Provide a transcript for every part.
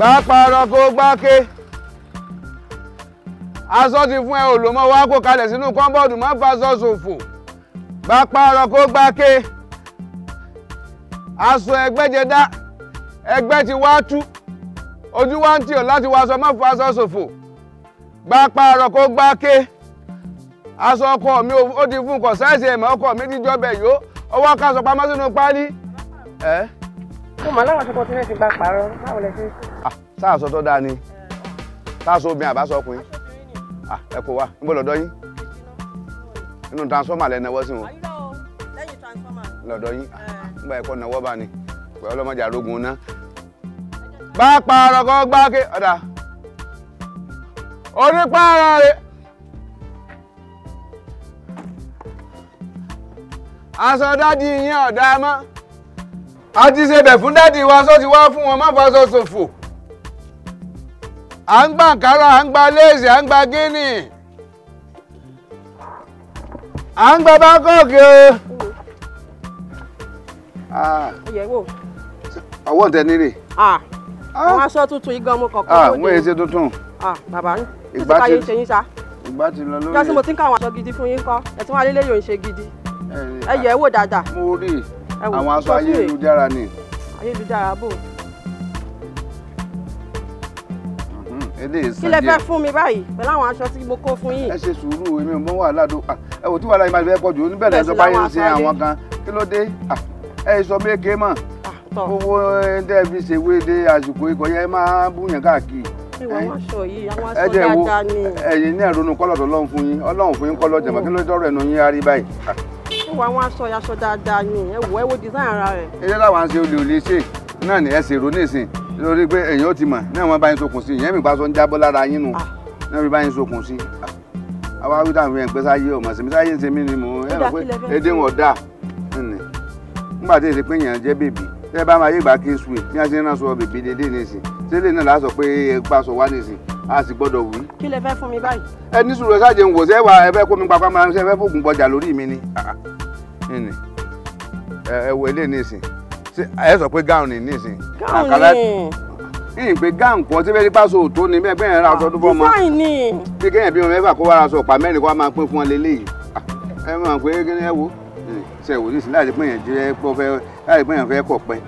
gbàparọ kó gbáke aṣọ ti fún ẹ wa kó kalẹ̀ sínú kọ́ńbọ́ọ̀dù má faṣọ ṣòfò gbàparọ kó gbáke aṣọ ẹgbẹ́ ti wá tú ojú wa ń tìọ̀ láti wàṣọ má faṣọ ṣòfò kó aṣọ ọkọ mi ó ti fún kọ sáìsì ọkọ mi ti jọ bẹ̀ ọwọ́ pamọ́ sínú mo mọ̀ láwọn sáà sọ tó dáa ni sáà sọ obìnrin àbá sọ ọkùnrin ẹ kò wá níbo lọ́dọ̀ yín nínú transformer lẹ náwó sí wọn lọ́dọ̀ yín nígbà ẹ̀kọ́ náwó bá ni pẹ̀lú ọlọ́mọdé arógun ná. bá parọ́ kọ́ gbáké ọ̀dà onípààrọ̀ rẹ̀. aṣọ dádì yín ọ̀dà mọ́ a ti ṣe bẹ̀ fún dádì wa sọ́ọ́ ti wá fún wọn má fọṣọ ṣòfò à ń gba àǹkárá à ń gba léèsì à ń gba gíní à ń gba báńkọ́ọ̀kì o. ọwọ́ tẹ nílé. àwọn aṣọ tuntun igan mo kàn kọ́ ló dé. àwọn èsì tuntun. bàbá ìgbà ti ṣe yín sa. ìgbà ti lọ lórí. jọ́sí mo ti ń káwọn aṣọ gidi fún yín kọ́ ẹ̀ tí wọ́n alẹ́ lẹ́yìn ò ń ṣe gidi. ẹ yẹ̀ ẹ́ wò dáadáa. mo rí àwọn aṣọ ayélujára ni. ayélujára bò. eléyìí sàn díẹ̀. kí lẹ fẹ́ fún mi báyìí pẹ̀lú àwọn aṣọ tí mo kó fún yín. ẹ ṣe sùúrù èmi ò mọ wàhálà tó ẹ wò tí wàhálà yìí máa fẹ́ pọ̀ jù oníbẹ̀rẹ̀ ẹ̀sọ́ báyìí ń ṣe àwọn kan kí ló dé ẹ sọ méje mọ̀ owó ẹ̀ńdẹ́ eh, fi ṣe wéde àsìkò ikọ̀ yẹn máa búyàn káàkiri. ẹ jẹ́ wo ẹ̀yin ní ẹ̀rọ kọ́lọ̀ tó lọ́n fún yín ọlọ́run fún yín kọ́lọ̀ jẹ̀mọ́ kí ló dọ́rọ̀ ẹ̀nu yín arí báyìí. ìwà àwọn aṣọ ìyàsọ dáadáa ni ẹ wò ẹ wo design ara rẹ. ẹ jẹ́ láwọn aṣọ olè olè ṣe náà ni ẹ ṣèrò nísìnyí lórí pé èèyàn ti mọ̀ náà wọ́n bá yín sokùn sí ìyẹn mi pa sọ ń jábọ́ lára yín nù ah. náà fi bá yín sokùn sí ah. àwa wí tàbí ẹ̀ ń pẹ́ sáyé ọmọ sí mi sáyé ń ṣe mí ni mò ń rò pé èdè wọn dà nígbà tí èsì pé èèyàn jẹ́ bèbí tẹ́ bá máa yé ìgbà kí n sùn ní àṣírí náà sọ bèbí dédé nìsín sílé náà lásọ pé ẹgbà sọ wá nìsín a sì gbọ́dọ̀ wí. kí lẹ fẹ́ fún mi báyìí. ẹ ní sùúrù ẹ ṣáàjẹ ń wò sẹ́ wa ẹ fẹ́ kó mi papá máa ń ṣe ẹ fẹ́ fògùn bọjà lórí mi ni ah, ẹ wọ ilé nìsín ẹ sọ pé gáùn ní nísìn. gáùn ní ní ìpè gáùn kan tí bẹ́ẹ̀ ní pàṣẹ òtó ni bẹ́ẹ̀ bẹ́ẹ̀ ra aṣọ tó fọ́ ọmọ. design ni. bí kéèyàn bímọ mẹ́fà kó wá ra aṣọ ọ̀pá mẹ́rin kó wá máa pín fún ọ lélẹ́yìí. ẹ mọ̀ pé kí ni ẹ wo ṣe wò nísìn láti pé èèyàn jẹ́ pọ́ fẹ́ láti pé èèyàn fẹ́ kọ̀ pẹ́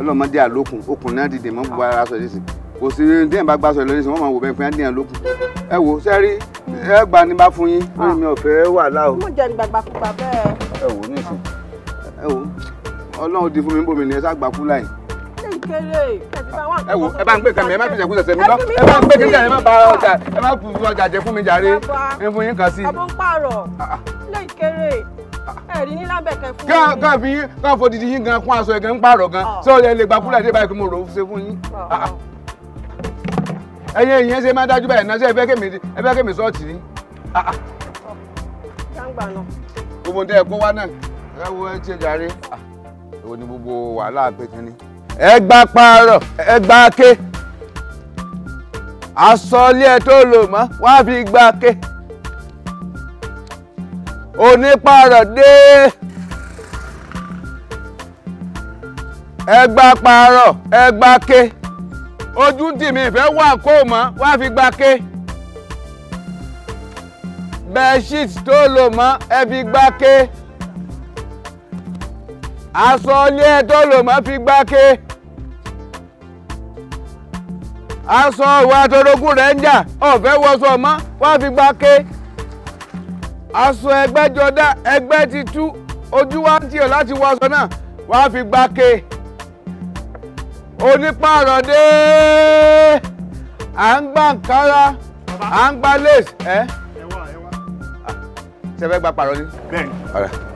ọlọ́mọdé àlókùn okùn náà dìde mọ́ gbogbo ara aṣọ nísìn kò sí díẹ̀ bá gbàṣọ lọ nísìn wọ́n máa wò bẹ́ẹ̀ pé á dìyàn lókùn. ẹ wo sẹ́rí ẹ gbani bá fún yín lórí mi ọ̀fẹ́ wà láò. mo jẹ́ ìgbàgbà kúpa bẹ́ẹ̀. ẹ wò nísìn ọlọ́run ti fún mi ń bò mí ni ẹ sáà gbà fúláì. ẹ wo ẹ bá ń gbé kẹmí ẹ má fi jẹkú sẹsẹ mi lọ ẹ bá ń gbé kẹmí ẹ má ba ọjà ẹ má fi ọjà jẹ fún mi jàre ẹ fún yín kan sí. àbọ̀ ń pààrọ̀ ilé ah, ah. ìkéré ẹ̀rí ní lábẹ́kẹ̀ fún mi. ká fi ká fo didi yín gan kún aṣọ ẹ̀gẹ́ ń pààrọ̀ gan sọ ah. ẹ lè gba fúláì dé báyìí pé mo rò ó ṣe fún yín ẹyin èèyàn ṣe máa dájú báyìí náà ṣe ẹ fẹ́ kèmí sọ́ọ̀tì ni. gbogbo ń tẹ́ ẹ kó wá náà ẹ wo ẹ ti ẹ jàre òní gbogbo wàhálà pé kínní. ẹ gba paarọ ẹ gba ké asọ́lé ẹ tó lò mọ́ wá fi gba ké onípaarọ̀ dé ẹ gba paarọ̀ ẹ gba ké ojú tìmí ìfẹ́ wà kó mọ́ wá fi gba ké bẹ́ẹ̀ sheet tó lò mọ́ ẹ fi gba ké aṣọ ilé ẹ tó lò mọ́ fi gbáke aṣọ ìwà àtọ̀rọ̀gùn rẹ̀ ń jà ọ̀fẹ́ wọṣọ mọ́ wá fi gbáke aṣọ ẹgbẹ́ jọdá ẹgbẹ́ ti tú ojú wa ń tiẹ̀ láti wọṣọ náà wá fi gbáke onípàrọ̀dé à ń gbà kára à ń gbà lace ẹ ṣẹfẹ gba pàrọ̀ ni. bẹ́ẹ̀ni.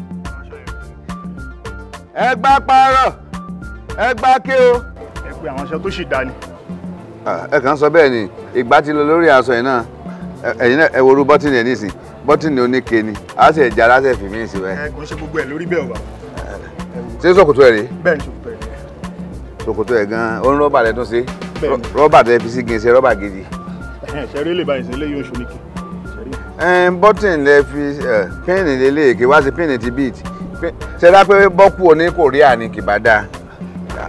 ẹ gbá parọ́ ẹ gbá ké o. ẹ pé àwọn aṣọ tó ṣì dá ni. ẹ kàn sọ bẹ́ẹ̀ ni ìgbà ti lọ lórí aṣọ yìí náà ẹ̀yin náà ẹ worú bọ́tìnì ẹ̀ nísìn bọ́tìnì oníke ni a sì ẹ̀já aláṣẹ fìmí ìsìn wẹ̀. ẹ kò ń ṣe gbogbo ẹ lórí bẹ́ẹ̀ o ṣé ṣòkòtò ẹ rèé. bẹ́ẹ̀ ni ṣòkòtò ẹ rèé. ṣòkòtò ẹ gan-an ó ń rọ́bà rẹ tún ṣe rọ́bà tẹ fi sí gèsè rọ́bà gidi. ṣẹ́rí lè báyìí sí eléyìí oṣù nìkè. bọ́tìnì lẹ fi píìnì lélẹ́ẹ̀kẹ́ wá sí píìnì ti bíìtì pé ṣẹlá pé bọ́kù òní Korea ni kì bá dáa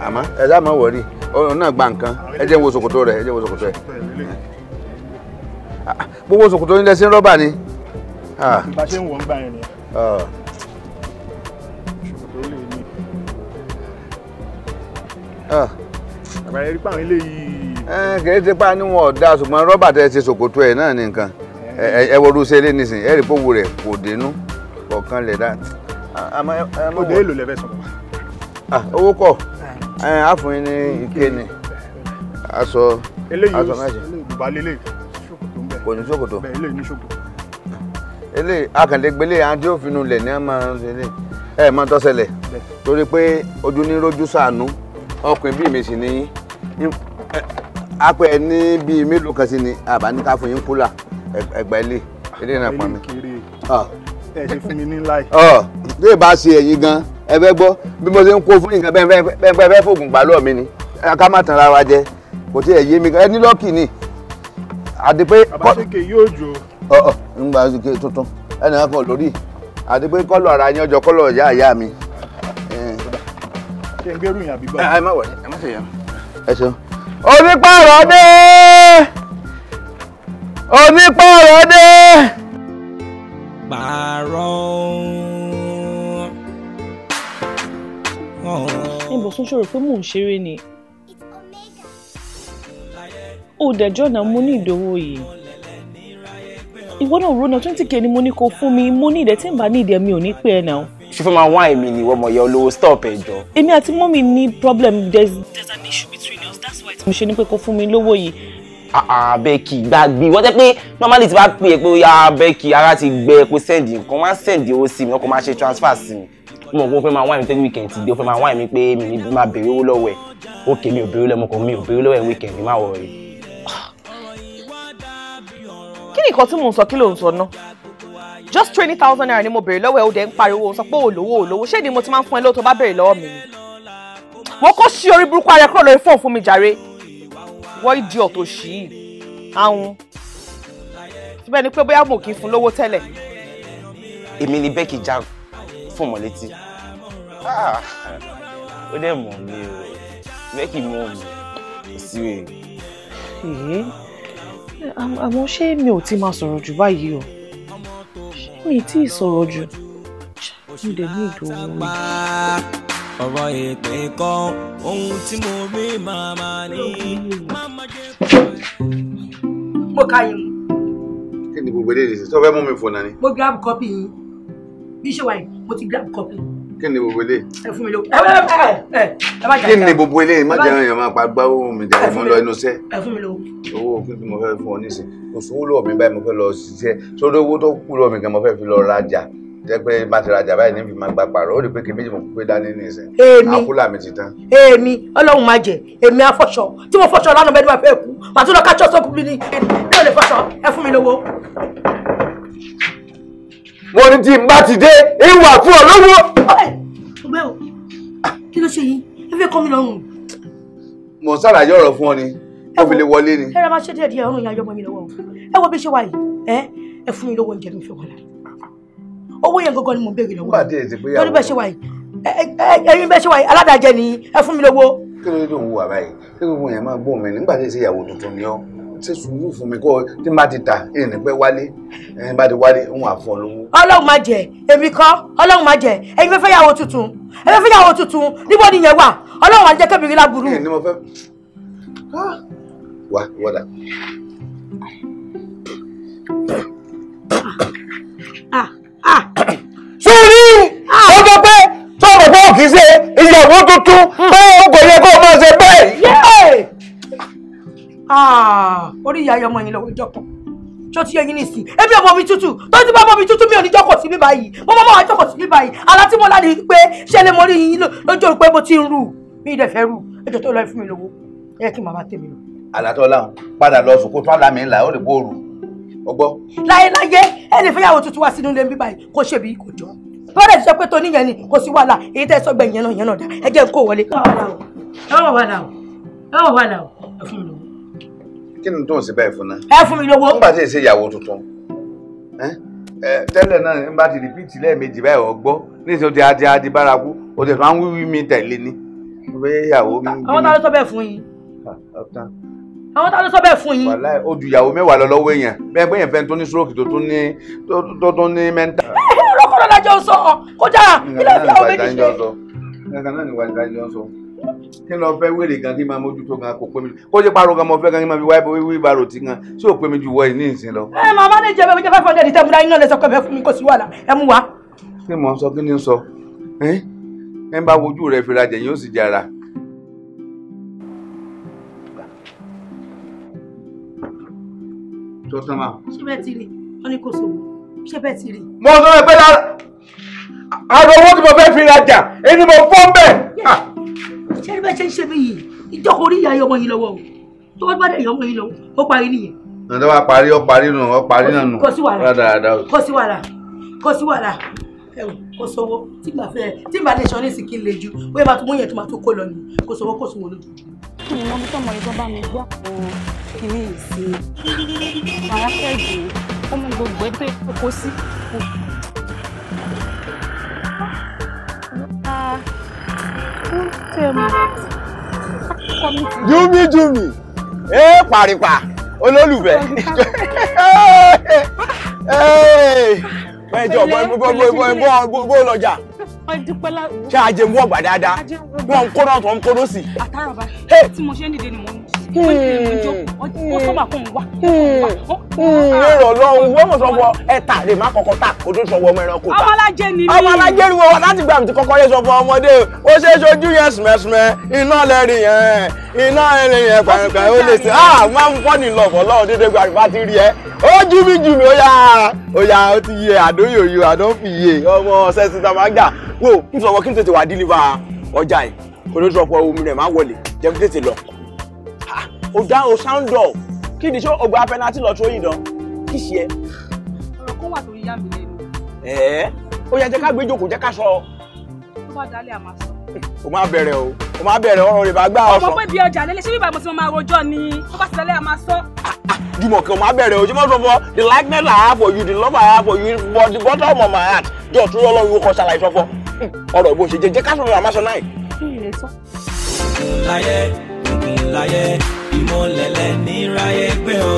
àmọ́ ẹ dá náà gba nǹkan ẹ jẹ́ wo ṣòkòtò rẹ̀ ẹ jẹ́ wo ṣòkòtò rẹ̀ gbogbo ṣòkòtò yín lẹ́sìn rọ́bà ni. bá a ṣe ń wọ̀ ń gbà yẹn ni. àgbàyẹ rí pàrọ̀ eléyìí. kìí ṣe pa ni wọn ṣùgbọ́n rọ́bà ṣe ṣòkòtò ẹ̀ náà ni nǹkan ẹ lé nísìnyí ẹ rí kò dénú kọ̀ọ̀kan lẹ̀ àmọ́ ah, ẹ mọ̀ wọ́n. òde èlò lẹ́fẹ̀ẹ́ sọ̀rọ̀. owó kọ̀ àfọyín ní ike ni aṣọ aṣọ méje. eléyìí bùbá lélẹ̀ ṣòkòtò ń bẹ̀. kò ní ṣòkòtò. bẹ́ẹ̀ eléyìí ní ṣòkòtò. eléyìí akànlẹ́gbẹ́lẹ́ àti òfin nulẹ̀ ni a máa ń ṣe eléyìí ẹ mọ tó ṣẹlẹ̀ torí pé ojú ní rojú sànú ọkùnrin bíi mi sì ní apẹ ní bíi mélòó kan sí ni àbá ní ká fún yín kúlà ẹgbẹ ilé ilé náà mi. Ah. ẹ ṣe fún mi ní láì. Ah. bí bá ṣe gan ẹ fẹ́ bí mo ṣe ń kó fún nǹkan fògùn tan ara wa jẹ kò tí ẹ yé mi ẹ ní ni àti pé. àbáṣekè yóò jò. ń gba àṣekè tuntun ẹnì kan lórí àti pé ara ìyá ìyá mi. ṣé sún ṣòro pé mò ń ṣeré ni ó dẹjọ́ náà mo ní ìdòwò yìí ìwọ náà ronú twenty k ni mo ní kó fún mi mo ní ìdẹ tí n bá ní ìdẹ mi ò ní pé ẹ náà. ṣé fún máa wá èmi ni ìwọ ọmọọyà olówó stop ẹ jọ. èmi àti mọ́mì ní problem there's, there's an issue between us that's why mo ṣe ni pé kó fún mi lówó yìí ah, ah, abẹ́kì gbàgbé wọ́n tẹ́ pé normally ti bá pè é pé abẹ́kì ara ti gbẹ pé send nǹkan wọ́n á send owó sí mi wọ́n máa ṣe transfer sí mi mo mọ̀ pé ó fẹ́ máa wá mi tẹ́lẹ̀ weekend ti dé ó fẹ́ máa wá mi pé mi ní máa béèrè owó lọ́wọ́ ẹ̀ ókè mi ò béèrè lọ́wọ́ ọmọkùnrin mi ò béèrè lọ́wọ́ ẹ̀ weekend má wọ̀ rẹ̀. kí ni nǹkan tí mò ń sọ kí ló ń sọ ná just twenty thousand naira ni mo béèrè lọ́wọ́ ẹ̀ ó dẹ̀ ń pariwo sọ pé òlówó òlówó ṣé ni mo ti máa ń fún ẹ lóòótọ́ bá béèrè lọ́wọ́ mi ni wọ́n kó sí orí burúkú ara ẹ kúrò lórí fóònù fún mi jàre wọ́n ìdí ọ̀tọ̀ sí i àwọn síbẹ̀ ni pé bóyá mo kì í fún lówó tẹ́lẹ̀. èmi ni bẹ́ẹ̀kì jam fún ọmọ létí ah, ó dẹ̀ mọ̀ mi o mẹ́kì mọ̀ mi kò sí wèé. àmọ́ ṣé mi ò ti máa sọ̀rọ̀ jù báyìí o mi tí ì sọ̀rọ̀ jù mo dẹ̀ ní ìdòwò mi. ọ̀rọ̀ èpè kan ohun tí mo rí màmá ni màmá jẹ́ pọ̀. mo ka yín. kí ni gbogbo eléyìí ṣe tó mú mi fò náà ni. mo grab copy yín bí ṣe wà mo ti grab copy. kí ni gbogbo ilé. ẹ fún mi lówó ẹ ẹ ẹ má jà. kí ni gbogbo ilé má jẹ́ ẹ̀yàn máa pa gbá owó mi jàre fún lọ inú iṣẹ́. ẹ fún mi lówó. owó kí ni mo fẹ́ fún ọ nísìn kò sówó lọ́wọ́ mi báyìí mo fẹ́ lọ ṣiṣẹ́ sódò owó tó kú lọ́wọ́ mi gan mo fẹ́ fi lọ rajà jẹ́ pé má ti rajà báyìí níbi máa gba pààrọ̀ ó rí i pé kí méjì mo kú pé dání ní ìsìn. èmi àkúlà mi ti tán. èmi ọlọ́run máa jẹ èmi afọṣọ tí mo fọṣọ lánàá bẹ́ẹ̀ ni wàá fẹ́ kú màtúndọ̀ kájọ́ sókùnrin ni mi ò lè fọṣọ ẹ fún mi lówó mo ní tí n bá ti dé ìwà fún ọ lówó. ọgbẹ́ o kí ló ṣe yìí ẹ fẹ́ kọ́ mi lọ́rùn. mo ń ṣàlàyé ọ̀rọ̀ fún ọ ni wọ́n fi lè wọlé ni. ẹ rà máa ṣe díẹ̀ díẹ̀ ọrùn ìyá ọmọ mi lọ́wọ́ ẹ wo bí ṣe wà yìí ẹ ẹ fún mi lówó oúnjẹ mi fi wọn la owó yẹn gangan ni mo ń béèrè lọ́wọ́ lórí bẹ́ẹ̀ ṣe wà yìí ẹyin bẹ́ẹ̀ ṣe wà yìí aládàjẹ ni ẹ fún mi lówó. kí ló dé tó ń wo àbáyé kí gbogbo yẹn máa gbóhùn mi nígbà tí ì ṣe sùúrù fún mi kó tí n bá ti tà èyí ní pẹ́ wálé èyí bá ti wálé ń wà fún ọ ọlọ́run má jẹ́ èmi kọ́ ọlọ́run má jẹ́ ẹ̀yin fẹ́ fẹ́ yàwó tuntun ẹ̀yin fẹ́ fẹ́ yàwó tuntun níbo ni yẹn wà ọlọ́run má jẹ́ kébìrì láburú. ẹ ní mo fẹ́ ah! wá wọ́dà. Ah, ah. sórí ọjọ́ pé sọ̀rọ̀ fún òkìsẹ́ ìyàwó tuntun pé hmm. ó kò yẹ kó máa ṣe b Ah, orí ìyá ọmọ yìí lọ́wọ́ ìjọ kan tó ti yẹyin nìsín ebi ọmọ mi tútù tó ti bá ọmọ mi tútù mi ò ní jókòó sí mi báyìí mo máa wà jókòó sí mi báyìí ara tí mo lá ni pé ṣé lè mo rí yín lójú pé mo ti ń rù mi ì dẹ̀ fẹ́ rù ẹjọ́ tó lọ fún mi lówó ẹ kí màmá tèmi lọ. àlàtọ́lá padà lọ sùn kó fàlà mi là ó lè bó rù ọgbọ́. láyéláyé ẹni fẹ́yàwó tuntun wá sínú ilé mi báyìí kó ṣe bí kò jọ bọ́dẹ̀ ti sọ pé tó níyẹn ni kò sí wàhálà èyí tẹ́ sọ gbẹ̀yìn náà dá ẹ jẹ́ kó wọlé. ẹ wọ̀ wàhálà o ẹ wọ̀ wàhálà o ẹ fún kí ni tó ń ṣe báyìí fún náà. ẹ fún mi lówó. nígbà tí èsè ìyàwó tuntun tẹ́lẹ̀ náà ń bá ti rìpíìtì lẹ́ẹ̀mejì báyìí ọgbọ́ níṣẹ́ ti adi adi bárakú o tẹ̀ tó ń wíwí mi tẹ̀lé ni. ìyàwó mi. àwọn tá ló sọ bẹ́ẹ̀ fún yín. àwọn tá ló sọ bẹ́ẹ̀ fún yín. wàhálà ó ju ìyàwó mẹ́wàá lọ lọ́wọ́ èèyàn bẹ́ẹ̀ pé èèyàn fẹ́ tó ní stroke tó tún ní tó tún ní mẹ́ńtà. ọlọ́kọ̀ọ́lọ́dájọ́ sọ kọjá ilé ìfẹ́ àwọn méjì ṣe kí lọ fẹ́ wèrè gan kí n máa mójútó gan kò pé mi kó jẹ́ pàrọ̀ gan mo fẹ́ gan kí n máa fi wáyé wíwí bàrò tí gan sí ò pé mi ju wọ yìí ní ìsìn lọ. ẹ màá bá ní jẹ bẹ́ẹ̀ mo jẹ five hundred tẹmúra iná lẹsọ pé bẹ́ẹ̀ fún mi kò sí wàhálà ẹ mú wa. kí mò ń sọ kí ni ń sọ ẹ ń bá wojú rẹ fira jẹ yóò sì jara. sọ́tàn máa. ṣé bẹ́ẹ̀ ti rí wọn ni kò sóbù ṣé bẹ́ẹ̀ ti rí. mo sọ pé lára àrò owó tí mo fẹ́ fi rajà èyí ni mo fọ́ bẹ́ẹ̀ ṣé ẹni bẹ́ẹ̀ ṣe ń ṣe mí yìí ìjọkọ̀ orí ìyá ọmọ yìí lọ́wọ́ o tó bá dẹ̀ ọmọ yìí lọ́wọ́ ó parí nìyẹn. nàdó wa parí ó parí nù ó parí nà nù. kò sí wàhálà kò sí wàhálà kò sí wàhálà kò sówó tí màá fẹ́ tí màá lè ṣọ́lé sí lè ju bóyá màá tún mú yẹn tó màá tún kó lọ ni kò sówó kò sówó lójú. kí ni wọ́n mú tọ́mọ ìbọn bá mi gbọ́ àwọn Jumi, Jumi, eh, júmi júmi ẹ pàrípà olólùfẹ́ mẹjọ bó lọjà ṣe ajé mú ọgbà dáadáa wọn ń kó náà tó ń kó lọ sí. àtàràbà tí mo ṣe ń dìde ni mo ń ìrọ̀ ah. lọ́hùn wọ́n mọ̀ sọ́wọ́ ẹ̀ta lè má kọ́kọ́ tà kó tó sọ́wọ́ ọmọ ẹranko ta. ọmọlájẹ ni mí. ọmọlájẹ ni wọn láti gbà mí ti kọ́kọ́ yẹ sọ fún ọmọdé o ṣe é ṣojú yẹn sùmẹ́sùmẹ́ iná lẹ́rìn yẹn iná lẹ́rìn yẹn pàrọ̀pàrọ̀ ó lè ṣe ah ọmọ ọ̀sẹ̀ má wọlé jẹ́ kí tètè lọ o dá o sound door kí ni ṣé o gba penalty lọ tó yìn dán kí ṣe ẹ. ọ̀rọ̀ kan wà tó yá mi lẹ́nu. ẹ̀ẹ́ ó yẹ jẹ́ ká gbé jókòó jẹ́ ká sọ. tó bá dalẹ̀ àmà sọ. o máa bẹ̀rẹ̀ o o máa bẹ̀rẹ̀ ọ̀rọ̀ rẹ̀ bá gbá ọ̀sán. ọmọ pé bí ọjà lélẹ̀ ṣé bí ìbámu tí mo máa rojọ́ ni tó bá ti dalẹ̀ àmà sọ. Ah, ah, Jùmọ̀kẹ́ o máa bẹ̀rẹ̀ o Jùmọ̀ sọ̀fọ̀ the likeness I have for you the love I have for you but the bottom of my heart jọ̀ọ́ tó lọ́lọ́ yóò kọ́ ṣàlàyé sọ̀fọ̀ hmm, ọ̀rọ̀ ìbò ṣe jẹ́ jẹ́ ká sọ̀rọ̀ àmásọ náà. kí ni ilé sọ ìmọ̀lẹ̀lẹ̀ níra ẹgbẹ́ o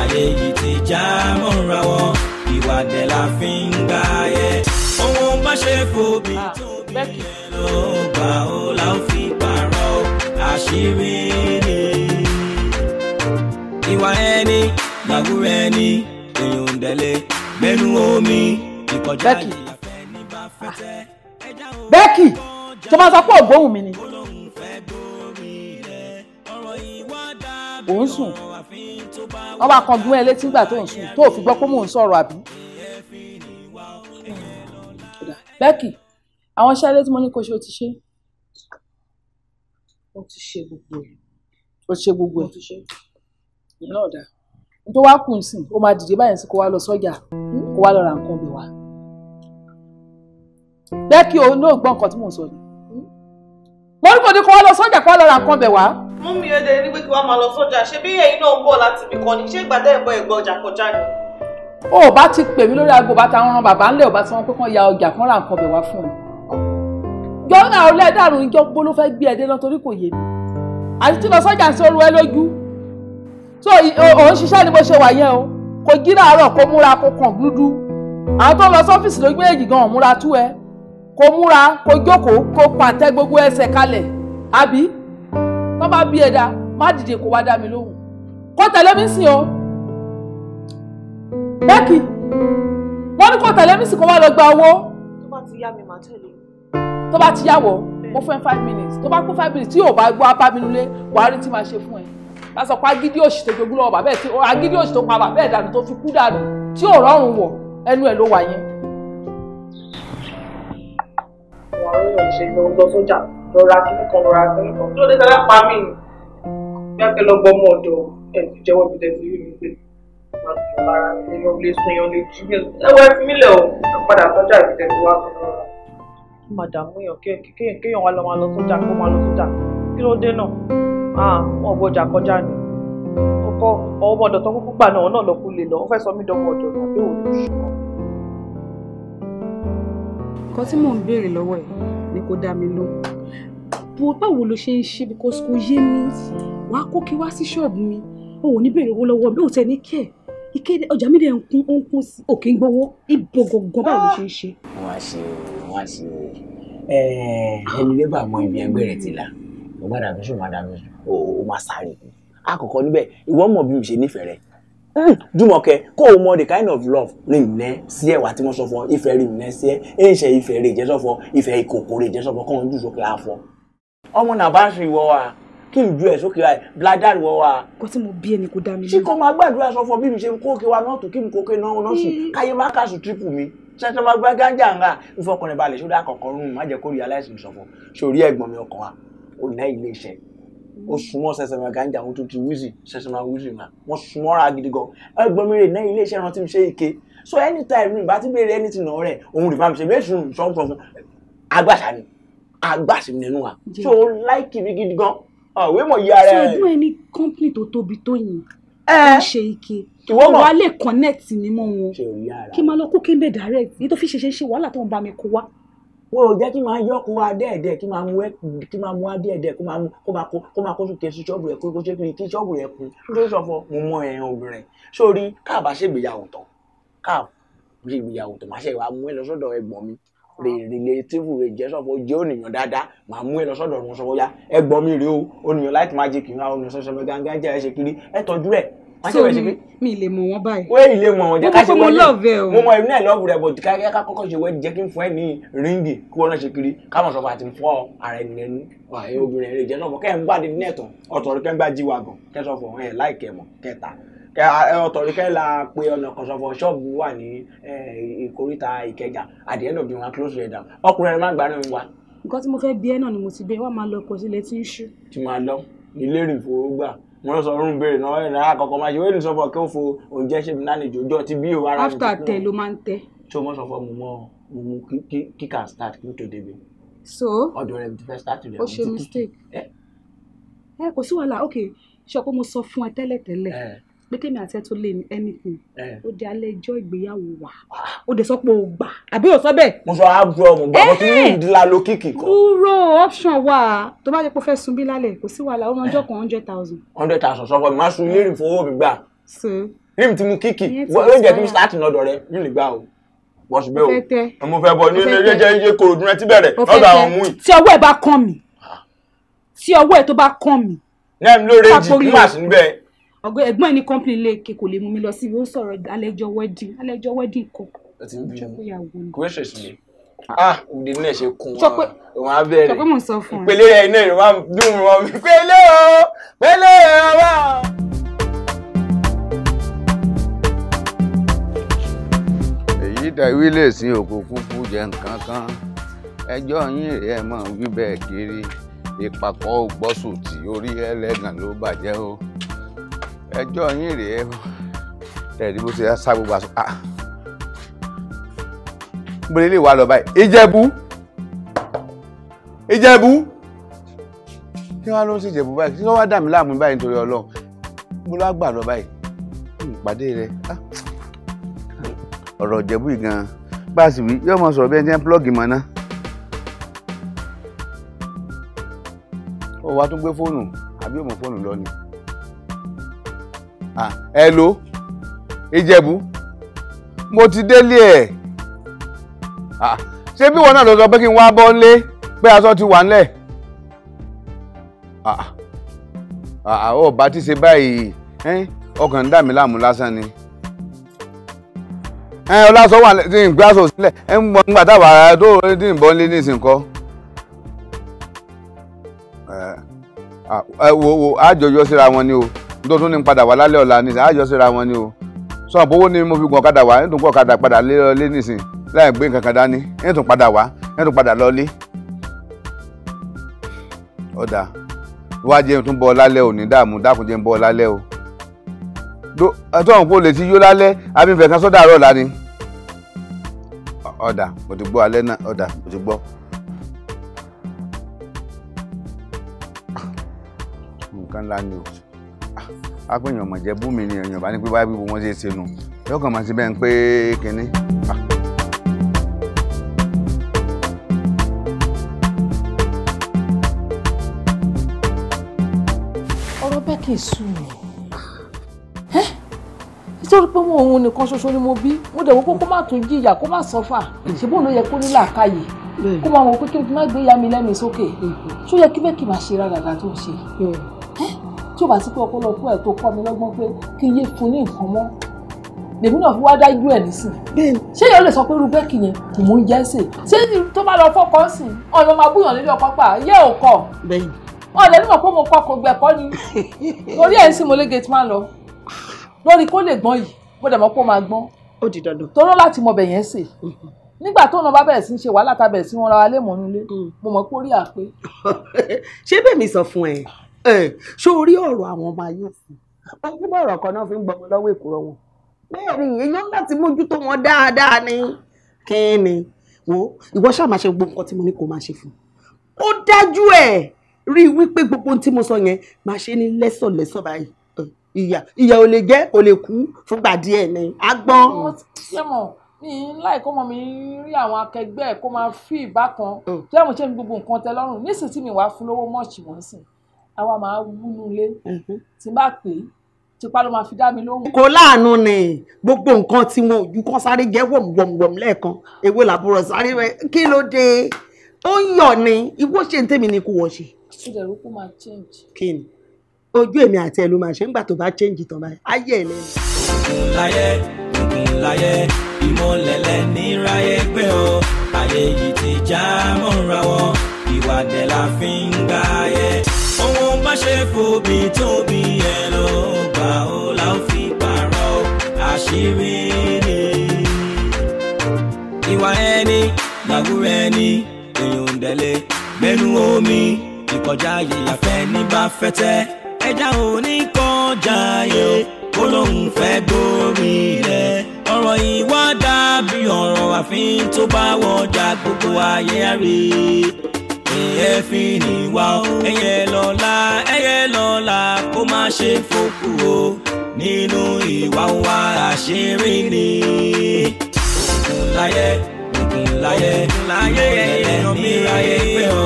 ayé yìí ti já mọ́ra wọn ìwà dẹ̀ la fi ń gbà yẹ. ohun bá ṣe fòbí ah, tóbi yẹn ló gbà ó la ó fi pààrọ̀ àṣírí ni. ìwà ẹni làwúrò ẹni èèyàn ń dẹ̀lé gbẹnu omi ìkọjá ìyàfẹ́ ní bá fẹ́ ah, tẹ́. Becky tó bá sọ pé ògbóhùn mi ni. ò ń sùn wọ́n bá kan gún ẹ létí nígbà tó ń sùn tó fi gbọ́ pé mò ń sọ̀rọ̀ àbí. Bẹ́ẹ̀kì àwọn iṣẹ́ ilé tí mo ní kó ṣe o ti ṣe. mo ti ṣe gbogbo ẹ̀. o ti ṣe gbogbo ẹ̀. ìyẹn náà dáa tó wá kù nsìn ó máa dìde báyìí sí kó wá lọ sọ́jà kó wá lọ ra nǹkan ọbẹ̀ wá. Bẹ́ẹ̀kì o ní ògbọ́n nǹkan tí mò ń sọ ni. mo ní kò ní kó wá lọ sọ́jà kó wá lọ ra nǹkan ọbẹ̀ wá mú mi ẹ̀dẹ̀ ní pé kí wàá máa lọ sọ́jà ṣé bí ẹ̀yin náà ń bọ̀ láti ibì kan ní ṣé ìgbà tẹ́ ẹ̀ bọ́ ẹ̀gbọ́n ọjà kọjá ni. o ò bá ti pè mí lórí aago bàtà ń ran bàbá ńlẹ̀ ò bá ti wọn pé kán ya ọjà kán ra nǹkan bẹ̀ wá fún mi. jọ́nà ọ̀lẹ́ dàrú ìjọ gbó ló fẹ́ gbé ẹ̀dẹ́ náà torí kò yé mi. àti tí lọ sọ́jà sí oru ẹ lójú. tó òun ṣiṣẹ́ ni bó ṣe wà yẹn o kò jí láàárọ̀ kó múra kó kàn dúdú. àwọn tó lọ sọ́fíìsì ló gbé èjì gan-an múra tú ẹ kó múra kó jókòó kó pàtẹ gbogbo ẹsẹ̀ kalẹ̀ àbí tó bá bí ẹ̀dá má dìde kó wá dá mi lóhùn kó tẹ̀lé mi sìn o bẹ́ẹ̀kì wọ́n ní kó tẹ̀lé mi sìn kó wá lọ gba owó. tó bá ti yá mi màá tẹ̀lé. tó bá ti yá wọ mo fẹ́ five minutes tó bá kó five minutes tí yóò bá gbọ́ apá mi nílé wàá rí tí màá ṣe fún ẹ bá sọ pé agídí òṣì tó jogún lọ́wọ́ bàbá ẹ̀ tí agídí òṣì tó pa bàbá ẹ̀ dànù tó fi kú dànù tí ò rọrùn wọ̀ ẹnu ẹ̀ ló wà yẹn. àwọn ọ̀rẹ́ ọ̀ṣẹ́ ló lọ́ra kíní kan lọ́ra kíní kan tó dé sára pa mí bí akẹ́ lọ gbọ́mọ ọ̀dọ̀ ẹ̀ ti jẹ́wọ́ bí tẹ̀sí rí mi pé máa tún lára nínú ilé sun èèyàn lè jí mi ẹ wọ ẹfí mi lẹ o ẹ padà sọ́jà bí tẹ̀sí wá fún mi. màdàmú èèyàn kéèyàn wá lọ máa lọ sọ́jà kó máa lọ sọ́jà kí ló dé náà wọn gbọ́jà kọjá ni kọ́kọ́ ọwọ́ ọmọ ọ̀dọ̀ tó kúkú gbà náà náà lọ́kú lè lọ wọ́n fẹ́ sọ mí dọ́mọ ọ̀dọ̀ ní àbẹ́wò lóṣù nǹkan tí mò ń béèrè lọ́wọ́ ẹ̀ ni kò dá mi lóhùn bó báwo ló ṣe ń ṣe because kò yé mi wà á kókè wá sí ṣọ́ọ̀bù mi o ò ní bèrè owó lọ́wọ́ mi ò tẹ̀ ní kẹ̀ ìkéde ọjà mi dẹ̀ ń kún ó ń kún sí òkè ń gbowó ibo gangan báwo ló ṣe ń ṣe. wọ́n á ṣe wọ́n á ṣe ẹni lébà mọ ibi ẹgbẹ́ rẹ̀ ti là mo gbọ́dọ̀ àbí ṣùgbọ́n àdàbí o máa sáré àkọ́kọ́ níbẹ̀ ìwọ mọ̀ bí mo ṣe nífẹ̀ẹ́ rẹ̀ hmm, Dúmọ̀kẹ́ kó o mọ the kind of love rìn nẹ́ sí ẹ̀wà tí wọ́n sọ fọ ìfẹ́ rìn nẹ́ sí ẹ̀ ẹ̀ ń ṣe ìfẹ́ rè jẹ́ sọ fọ ìfẹ́ ìkòkò rè jẹ́ sọ fọ ọmọ náà bá ń sìn ìwọ wa kí n ju ẹ sókè wa bladder wọ wa. kò tí mo bí ẹni kò dá mi lójú. ṣé kò máa gbàdúrà sọ fún bí mi ṣe ń kó òkè wa náà tó kí n kó òkè náà náà sùn káyé má kà sùn tírípù mi ṣẹṣẹ máa gbá gánjà ńlá ìfọkànlẹ̀ balẹ̀ ṣó dá kọ̀ọ̀kan rún má jẹ́ kó rí aláìsàn sọ̀fọ̀ sórí ẹ̀gbọ́n mi ọkàn wa ò ná ilé iṣẹ́ ó súnmọ́ sẹ̀sẹ̀mà gánjà wọn tó ti wíìsì sẹ̀sẹ̀mà wíìsì mà wọ́n súnmọ́ra gidi gan ẹ̀gbọ́n mi rè ná ilé iṣẹ́ rántí mi ṣe ike so anytime mi bá ti béèrè anything náà rẹ̀ òun rè bá mi ṣe méṣù sọ́nfọ̀nfọ̀n agbáṣà ni àgbà sì nínú wa tó láìkì mi gidi gan ọ̀wé mọ̀ yí ara ẹ̀. ṣùgbọ́n ẹni company tó tóbi tó yìn ń ṣe ike ìwà lè connect mi mọ́ wọn kí n máa lọ kó kéńbè direct èyí tó fi ṣeṣe ṣe wàhálà tó ń bá mi kó wá wọn ò jẹ́ kí máa yọ kó wa dẹ́ẹ̀dẹ́ẹ̀ kí máa mú ẹ kí máa mú wa dẹ́ẹ̀dẹ́ẹ̀ kó máa mú kó máa kó kó máa kó sókè sí ṣọ́ọ̀bù rẹ̀ kó kó ṣe kí ṣọ́ọ̀bù rẹ̀ kú ló sọ fún mo mọ ẹ̀yàn obìnrin sórí káàbà ṣègbéyàwó tán káàbà ṣègbéyàwó tán màá ṣe wàá mú ẹ lọ sọ́dọ̀ ẹ̀gbọ́n mi relative rejection mo jẹ́ ònìyàn dáadáa màá mú ẹ lọ sọ́dọ̀ ọ̀run sọ́wọ́yá ẹ gbọ́ mi rèé o ònìyàn light magic ìhàn àwọn ènìyàn sọ́sọ́ gángan jẹ́ ẹ ṣe kiri ẹ tọ́jú ẹ̀ so mi ilé mọ̀ wọ́n báyìí. wé ilé mọ̀ wọ́n jẹ́ ká ṣe wọ́n jẹ́ mo mọ ìlú náà lọ́ọ̀bù rẹ̀ bọ̀ ká kọ́kọ́ ṣe wẹ́ẹ́ jẹ́ kí n fún ẹ ní ríngì kí wọ́n náà ṣe kiri káwọn sọ̀rọ̀ àti fọ́ ara ẹni obìnrin rẹ̀ jẹ́ náà fọ́ kẹ́ ẹ̀ ń gbà ọ̀tọ̀ ní la pe ọ̀nà kọ̀sọ̀fọ̀ ṣọ́ọ̀bù wà ní ìkóríta ìkẹjà at the end of close rẹ̀ down ọkùnrin má gbà náà wá. nǹkan tí mo fẹ́ bí ẹ náà ni mo ti bẹ wá máa lọ kó sílẹ̀ tí ń ṣú. tí máa lọ ilé rìn fowó gbà wọn sọ ọrùn béèrè náà ẹ̀rọ àkọ́kọ́ máa ṣe wẹ́ẹ̀lì sọ́fọ̀ kí ó fo oúnjẹ ṣe mi lánàá ìjọjọ́ ti bí òwò ara mi. after tẹ ló máa ń tẹ. tí o sọ fọ mo mọ mo mú kíkà start kí n tó débi. so ọdún rẹ ti fẹ́ start rẹ. o ṣe mistake. ẹ kò sí wàhálà ok ṣe ọkọ mo sọ fún ẹ tẹ́lẹ̀tẹ́lẹ̀ pé kémi àti ẹ tó lè ní anything ó di alẹ́ ẹjọ́ ìgbéyàwó wa ó dẹ̀ sọ pé àbí o sọ bẹ́ẹ̀. mo sọ àbúrò ah, mo gbà mo ti ní ìdílá lo kíkì kan. dúró option wà tó bá yẹ kó fẹ́ sun lálẹ́ kò sí wàhálà ó ránjọ́ kan hundred thousand. hundred thousand sọ fún mi má sun ilé ìfowó mi gbà rímù tí mo kíkì ó jẹ́ kí mi start lọ́dọ̀ rẹ mi lè gbà o wọ́n ṣùgbẹ́ o mo fẹ́ bọ̀ ní ilé jẹ́ iye rẹ ti bẹ̀rẹ̀ lọ́dọ̀ àwọn mú ọgbẹ ẹ̀gbọ́n ẹni company lè ké kò lè mú mi lọ síbi ó sọ̀rọ̀ alẹjọ wedding alẹjọ wedding kan ọjọ́ ìyàwó ni. kò ah. Ah, ṣe ṣe ah òde náà ṣe kun wọn òun á ìpele rẹ iná ìrọ̀wá dùn wọn mi pẹ̀lẹ́ o pẹ̀lẹ́ o wá. èyí da ìwé lè sin òkú kúkú jẹ nǹkan kan ẹjọ́ yín rẹ̀ mọ̀ wí bẹ́ẹ̀ kiri ìpapọ̀ gbọ́sùn tí orí ẹlẹ́gàn ló bàjẹ́ o ẹjọ́ yín rèé tẹ̀lé bó ṣe sá gbogbo aṣọ ah gbèrè lè wà lọ báyìí ìjẹ̀bú ìjẹ̀bú kí wọ́n ló ń ṣèjẹ̀bú báyìí kí wọ́n wá dà mí láàmú báyìí nítorí ọlọ́run mo lọ́ gbà lọ báyìí ìpàdé rẹ ah. ọ̀rọ̀ ìjẹ̀bú yìí gan-an bá a sì wí yóò mọ sọ̀rọ̀ bí ẹni tí wọ́n mọ́ náà. ó wàá tún gbé fóònù àbí òmò fóònù lọ ni. Ah, hello ìjẹ̀bú mo ti délé ẹ̀ ah, ṣé bí wọn náà lọ sọ pé kí n wá bọ́ ń lé pé aṣọ ti wà ńlẹ̀ Ọ ah, bá ti ṣe báyìí ọkàn ń dà mí láàmú lásán ni ọlásọ wà ní ìgbàsọ sílẹ̀ ẹ táwa tó ní ìbọn lé o. tó tún ní padà wá lálẹ́ ọ̀la ní àjọṣera wọn ni o sọ àbówó ni mo fi gun ọ̀kadà wá nítorí ọ̀kadà padà lé ọlé nìsín láì gbé nǹkan kan dání nítorí padà wá nítorí padà lọ́lé. ọ̀dà wájú ẹ̀ tún bọ́ lálẹ́ òní dààmú dákun jẹ́ ń bọ́ lálẹ́ o tọ́hún kò lè ti yó lálẹ́ abínfẹ̀ kan sọ́dà àárọ̀ ọ̀la ni. ọ̀dà mo ti gbọ́ alẹ́ náà ọ̀dà mo ti gbọ́. nǹkan ńlá ni o agbẹ̀yìn ọmọ jẹ́ bùnmi ni èèyàn bá ní pé báyìí bí wọ́n ṣe ṣe nù yọkàn máa ṣe bẹ́ẹ̀ ń pé kínní. ọ̀rọ̀ bẹ́ẹ̀ kì í sú mi nítorí pé mo òun nìkan ṣoṣo ni mo bí mo dẹ̀ wò pé kó má tún jìyà kó má sọ́fà ṣùgbọ́n ló yẹ kó ní làákàyè kó máa wọ pé kí n má gbé ìyá mi lẹ́mìí sókè tó yẹ kí bẹ́ẹ̀ kì máa ṣe rárá tó ń ṣe tí ò bá sí pé ọpọlọ fún ẹ tó kọ́ mi lọ́gbọ́n pé kí n yé fún ní nǹkan mọ́ lèmi náà fi wá dájú ẹ nísìn ṣé yóò lè sọ pé rúbẹ́ kì yẹn kò mú jẹ́ sè ṣé tó bá lọ fọkọ sí ọ̀nà máa búyàn lórí ọkọ pa yẹ ò kọ wọn lè nímọ̀ pé mo kọ kò gbẹ̀kọ́ ni orí ẹ̀ ń sìn mo lé gate man lọ lórí kó lè gbọ́n yìí mo dẹ̀ mọ́ pé ó máa gbọ́n ó di dandan torọ́ láti mọ bẹ̀ yẹn sè mm-hmm. nígbà tó náà bá bẹ̀rẹ̀ sí í ṣe wàhálà tá bẹ̀rẹ̀ sí wọn ra wa lé mọ́ nílé mm. mo mọ̀ pé ó rí àpé. ṣé bẹ́ẹ̀ mi sọ fún ẹ ṣó orí ọ̀rọ̀ àwọn ọmọ ayé fún ojúbọ ọ̀rọ̀ kan náà fi ń gbọmọ lọ́wọ́ èkúrọ wọn bẹ́ẹ̀ ni èèyàn láti mójútó wọn dáadáa ni kí ni wo ìwọ ṣáà máa ṣe gbogbo nǹkan tí mo ní kó máa ṣe fún ó dájú ẹ rí i wípé gbogbo ohun tí mo sọ yẹn máa ṣe ní lẹ́sọ̀lẹ́sọ̀ báyìí ìyà ìyà ò lè jẹ́ kò lè kú fúngbà díẹ̀ ni agbọ́n. sẹ́mọ̀ mi láì kọ́ mọ́ mi rí àwọn akẹgbẹ́ ẹ̀ kó máa fi ìbákan jẹ́ mo ṣe gbogbo nǹkan tẹ́ lọ́rùn nísinsìnyí wàá fún lówó mọ́ọ̀ṣì wọ́n sìn àwa máa wúnú ilé mhm. tí n bá pè é tipa ló máa fi dá mi lóhùn. kò láàánú ni gbogbo nǹkan tí wọn ojú kan sáré jẹ wọmwọmwọm lẹ́ẹ̀kan ewé làbúrò sáré rẹ kí ló dé ó ń yọ ni igbó ṣe ń tèmi ni kò wọ ṣe. ó dẹ̀ rú kó máa change. kí ni ojú èmi àti ẹ̀ ló máa ṣe nígbà tó bá change tán báyìí ayé ẹ̀ lẹ́nu. òkun láyé òkun láyé ìmọ̀lẹ́lẹ̀ ní ráyé pé o ayé yìí ti já mọ́ra wọn ìwà dẹ̀ la fi ń gbáyé má ṣe fobi tóbi ẹ lọ gbà ó la ó fi pààrọ̀ àṣírí ni. ìwà ẹni làwúrò ẹni èèyàn ń dẹ̀lé gbẹnu omi ìkọjá yìyà fẹ́ ní bá fẹ́ tẹ́ ẹja ò ní kọjá yẹ kó lóun fẹ́ gbórí rẹ̀ ọ̀rọ̀ ìwà dàbí ọ̀rọ̀ àfin tó bá wọjà gbogbo ayé rí i ẹyẹ fi níwá o ẹyẹ lọ́la ẹyẹ lọ́la kó má ṣe fòkù o nínú ìwà wa àṣírí ni. òkun láyé òkun láyé òkun láyé ẹyẹ mi ráyé pé ọ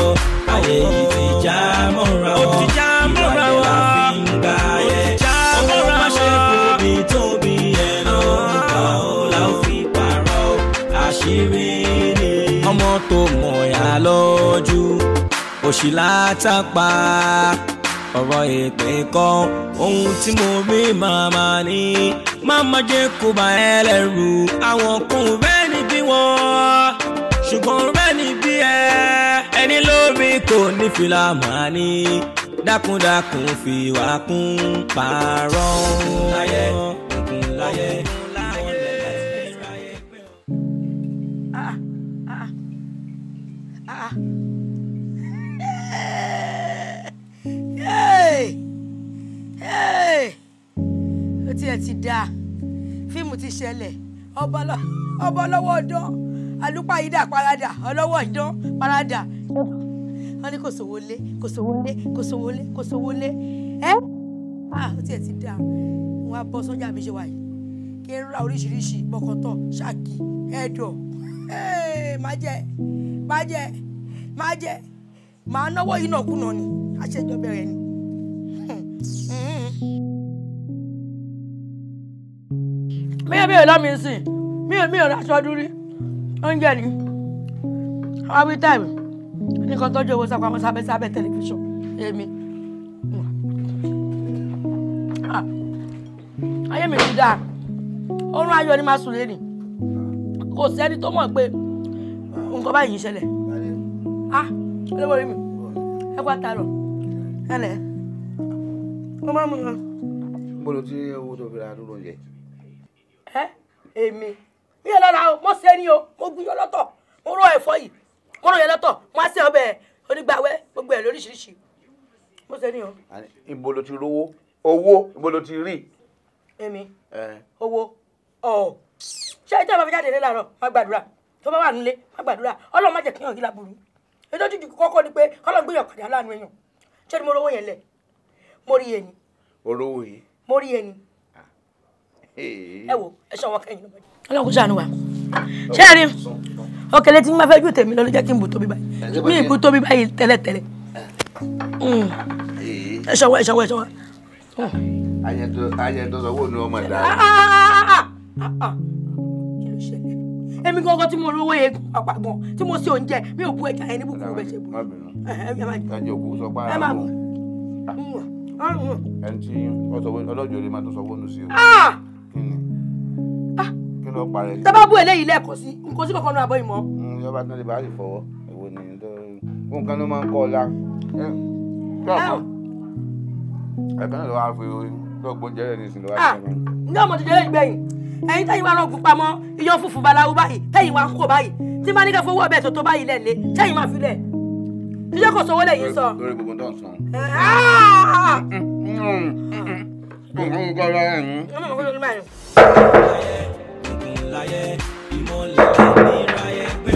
ayé yìí ti já mọ́ra ọ. òṣìlá tápá ọ̀rọ̀ èpè kọ́ ohun tí mo rí màmá ní màmá jẹ́ kó bá ẹ lẹ́rù àwọn kan rẹ́ ní bí wọ́n ṣùgbọ́n rẹ́ ní bí ẹ ẹni lórí kò ní fìlà màá ní dákúndákún fi wá kún pààrọ̀. láyé láyé. tiẹ̀ ti dáa fíìmù ti ṣẹlẹ̀ ọba ọlọ́wọ́ ọdán alúpàyídà parada ọlọ́wọ́ ọdán parada wọ́n ní kò sówó lé kò sówó lé kò sówó lé kò sówó lé ẹ́ ah ó tiẹ̀ ti dáa wọ́n á bọ́ sọ́jà mi ṣe wáyé kí n ra oríṣiríṣi bọ́kọ̀tọ̀ ṣáàkì ẹ̀dọ̀ má jẹ má jẹ má jẹ má náwó yìí náà kùnà ni àṣejọ bẹ̀rẹ̀ ni. Hmm. mi ò ah. mi ò lọ́mi sìn mi ò mi ò raṣọ dúrí oúnjẹ oh, ni every time nìkan tọ́jú owó sápamọ́ sábẹ́ sábẹ́ tẹlifíṣàn èmi ayé mi ti dáa oorun ayọ̀ ni máa sùn lẹ́nìí kò sẹ́ni tó mọ̀ pé nǹkan báyìí ń ṣẹlẹ̀ ah olówó rí mi ẹ kó àtàrọ̀ ẹ lẹ̀ ẹ mo máa mú un. mo lọ sí owó tó fi ra dúró yẹ ẹ èmi ní ẹ lọ́la o mo ṣe ni o mo gbúyọ lọ́tọ̀ mo rọ ẹ̀fọ́ yìí mo rọ yẹn lọ́tọ̀ mo á ṣe ọbẹ̀ onígbàwẹ́ gbogbo ẹ̀ lóríṣiríṣi mo ṣe ni o. ibo ló ti rówó owó ibo ló ti rí. èmi owó ọ̀ ṣé ìjọba fi jáde lé làárọ̀ má gbàdúrà tó bá wà nílé má gbàdúrà ọlọ́run má jẹ́ kí èèyàn yí láburú ètò ìdíjú kọ́kọ́ ni pé kọ́lọ́ gbéyàn kọ̀dá láàánú èèyàn ṣé ni mo rówó yẹn lẹ̀ mo rí yẹn ni. olówó yìí. mo rí yẹn ni. Eh. ẹ wò ẹ ṣe wọn bá fẹ́ ju tèmi lọ ló jẹ́ kí n bù tóbi báyìí mi ìbú tóbi báyìí tẹ́lẹ̀tẹ́lẹ̀ hmm. eh. ẹ ṣe ẹ ṣe ẹ ṣe wọn. Hmm. ayẹyẹ sọ wo ni ọmọ ìdá. kí èmi gangan tí mo rówó yẹn àpapọ̀ tí mo ṣe oúnjẹ mi ò bu ẹja yẹn níbùkún ọbẹ̀ ṣe bu. ẹjọ kò sọ pa ara mọ ẹni tí ọlọ́jọ́ rẹ máa tó sọ wọnú sí o. Ah! Ah! kí ló parẹ́ yìí. tábà bú eléyìí lẹ́ẹ̀kan sí nǹkan sí kankan náà àbọ̀ ìmọ̀. Mm, yọba tán lè bá fọwọ́ èwo ni fún nǹkan ló máa ń kọ́ ọ la. ẹ̀kan náà ló wáá fi lọ́gbọ́n jẹ́rẹ̀ ní ìsìn ló wáá fi. ní ọmọ jẹjẹrẹ ìgbẹ̀yìn ẹ̀yin tẹ́yìn wá rọgùn pamọ́ iyán funfun baláwo báyìí tẹ́yìn wá ń kó báyìí tí ọ̀nà ń gbára ẹ̀ mú. ọmọ òkú lórí báyìí. ìgbìnláyé ìmọ̀lẹ̀ níráyé pé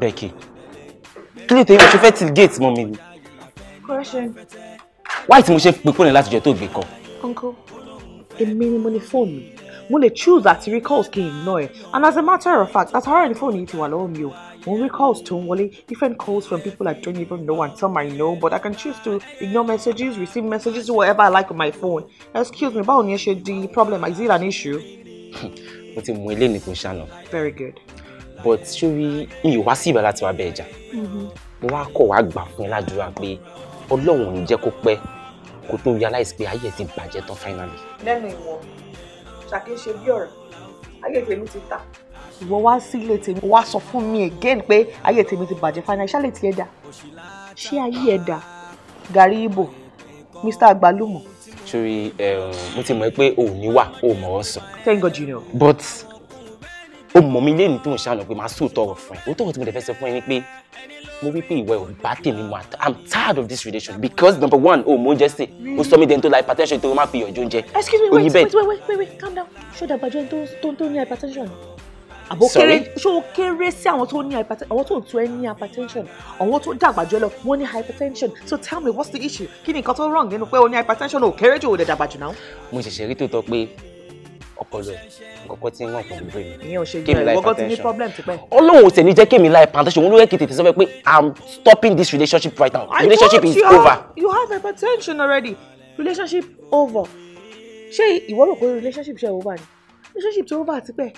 Becky kí ló tẹ̀yìn ọ̀ṣun fẹ́ tilgate mọ́ mi ni. correction Why tí mo ṣe pè fóònù láti jọ tó gbé kọ. uncle èmi ni mo ní fóònù mi mo lè choose àti recalls kí n ignore ẹ and as a matter of fact àtàrà ẹni fóònù yìí ti wà lọ́wọ́ mi o mo recalls tó ń wọlé different calls from people I don't even know and some I know but I can choose to ignore messages receive messages do whatever I like on my phone excuse me báwo ni ẹ ṣe di problem is it an issue. mo ti mú ilé ní kò ṣàná. very good. but ṣórí iyì wá sí ìbá láti wá bẹ ẹja. Mm-hmm. mo wá kọ̀ wá gbà fún ẹ ládùúrà pé ọlọ́run ò ní jẹ́ kó pẹ́ kó tó realize pé ayé ti bàjẹ́ tán finally. lẹ́nu ìwọ ṣàkíyèsí bí ọ̀rẹ́ ayé tèmi ti ta. ìwọ wá sílé tèmi wá sọ fún mi again pé ayé tèmi ti bàjẹ́ finally ṣáà lè tiẹ̀ dà ṣé ayé ẹ̀ gàrí ibo mr agbalumọ. sori um, mo ti mọ̀ pé o ò ní wà o ò mọ̀ ọ́ sàn. thank god you know. but o mọ̀ mi lẹ́yìn tó ń ṣàlọ́ pé màá sùn tọrọ fún ẹ o tọrọ tí mo lè fẹ́ sọ fún ẹ ni pé mo pé ìwọ ò bá tèmi mu àtà i'm tired of this relation because number one o mo ń jẹ sí o sọ mi dẹni tó la hypertension tó o máa fi yànjú oúnjẹ. excuse me wait wait wait wait wait calm down ṣó dàgbà jẹ́ tó tó ní hypertension àbò kéré ṣó o kéré sí àwọn tó ní hypertension àwọn tó ń tó ẹ ní hypertension àwọn tó dàgbà jù ẹ lọ wọ́n ní hypertension so tell me what's the issue kí ni nǹkan tó wrong nínú pé o ní hypertension o kéré jù o lè dàgbà jù náà. mo ṣẹ̀ṣẹ̀ rí tó tọ́ pé ọpọlọ kọkọ tí wọn kò gbé mi. ìyẹn ò ṣe jù ẹ gbọgbọ ní problem tipẹ́. Ọlọ́run ò tẹ ní jẹ́ kémi láì pantation òun ló yẹ kí tètè sọ pé I'm stopping this relationship right now the relationship is over. you have hypertension already relationship over ṣé ìwọ rò pé relationship ṣe over ni relationship ti over tipẹ́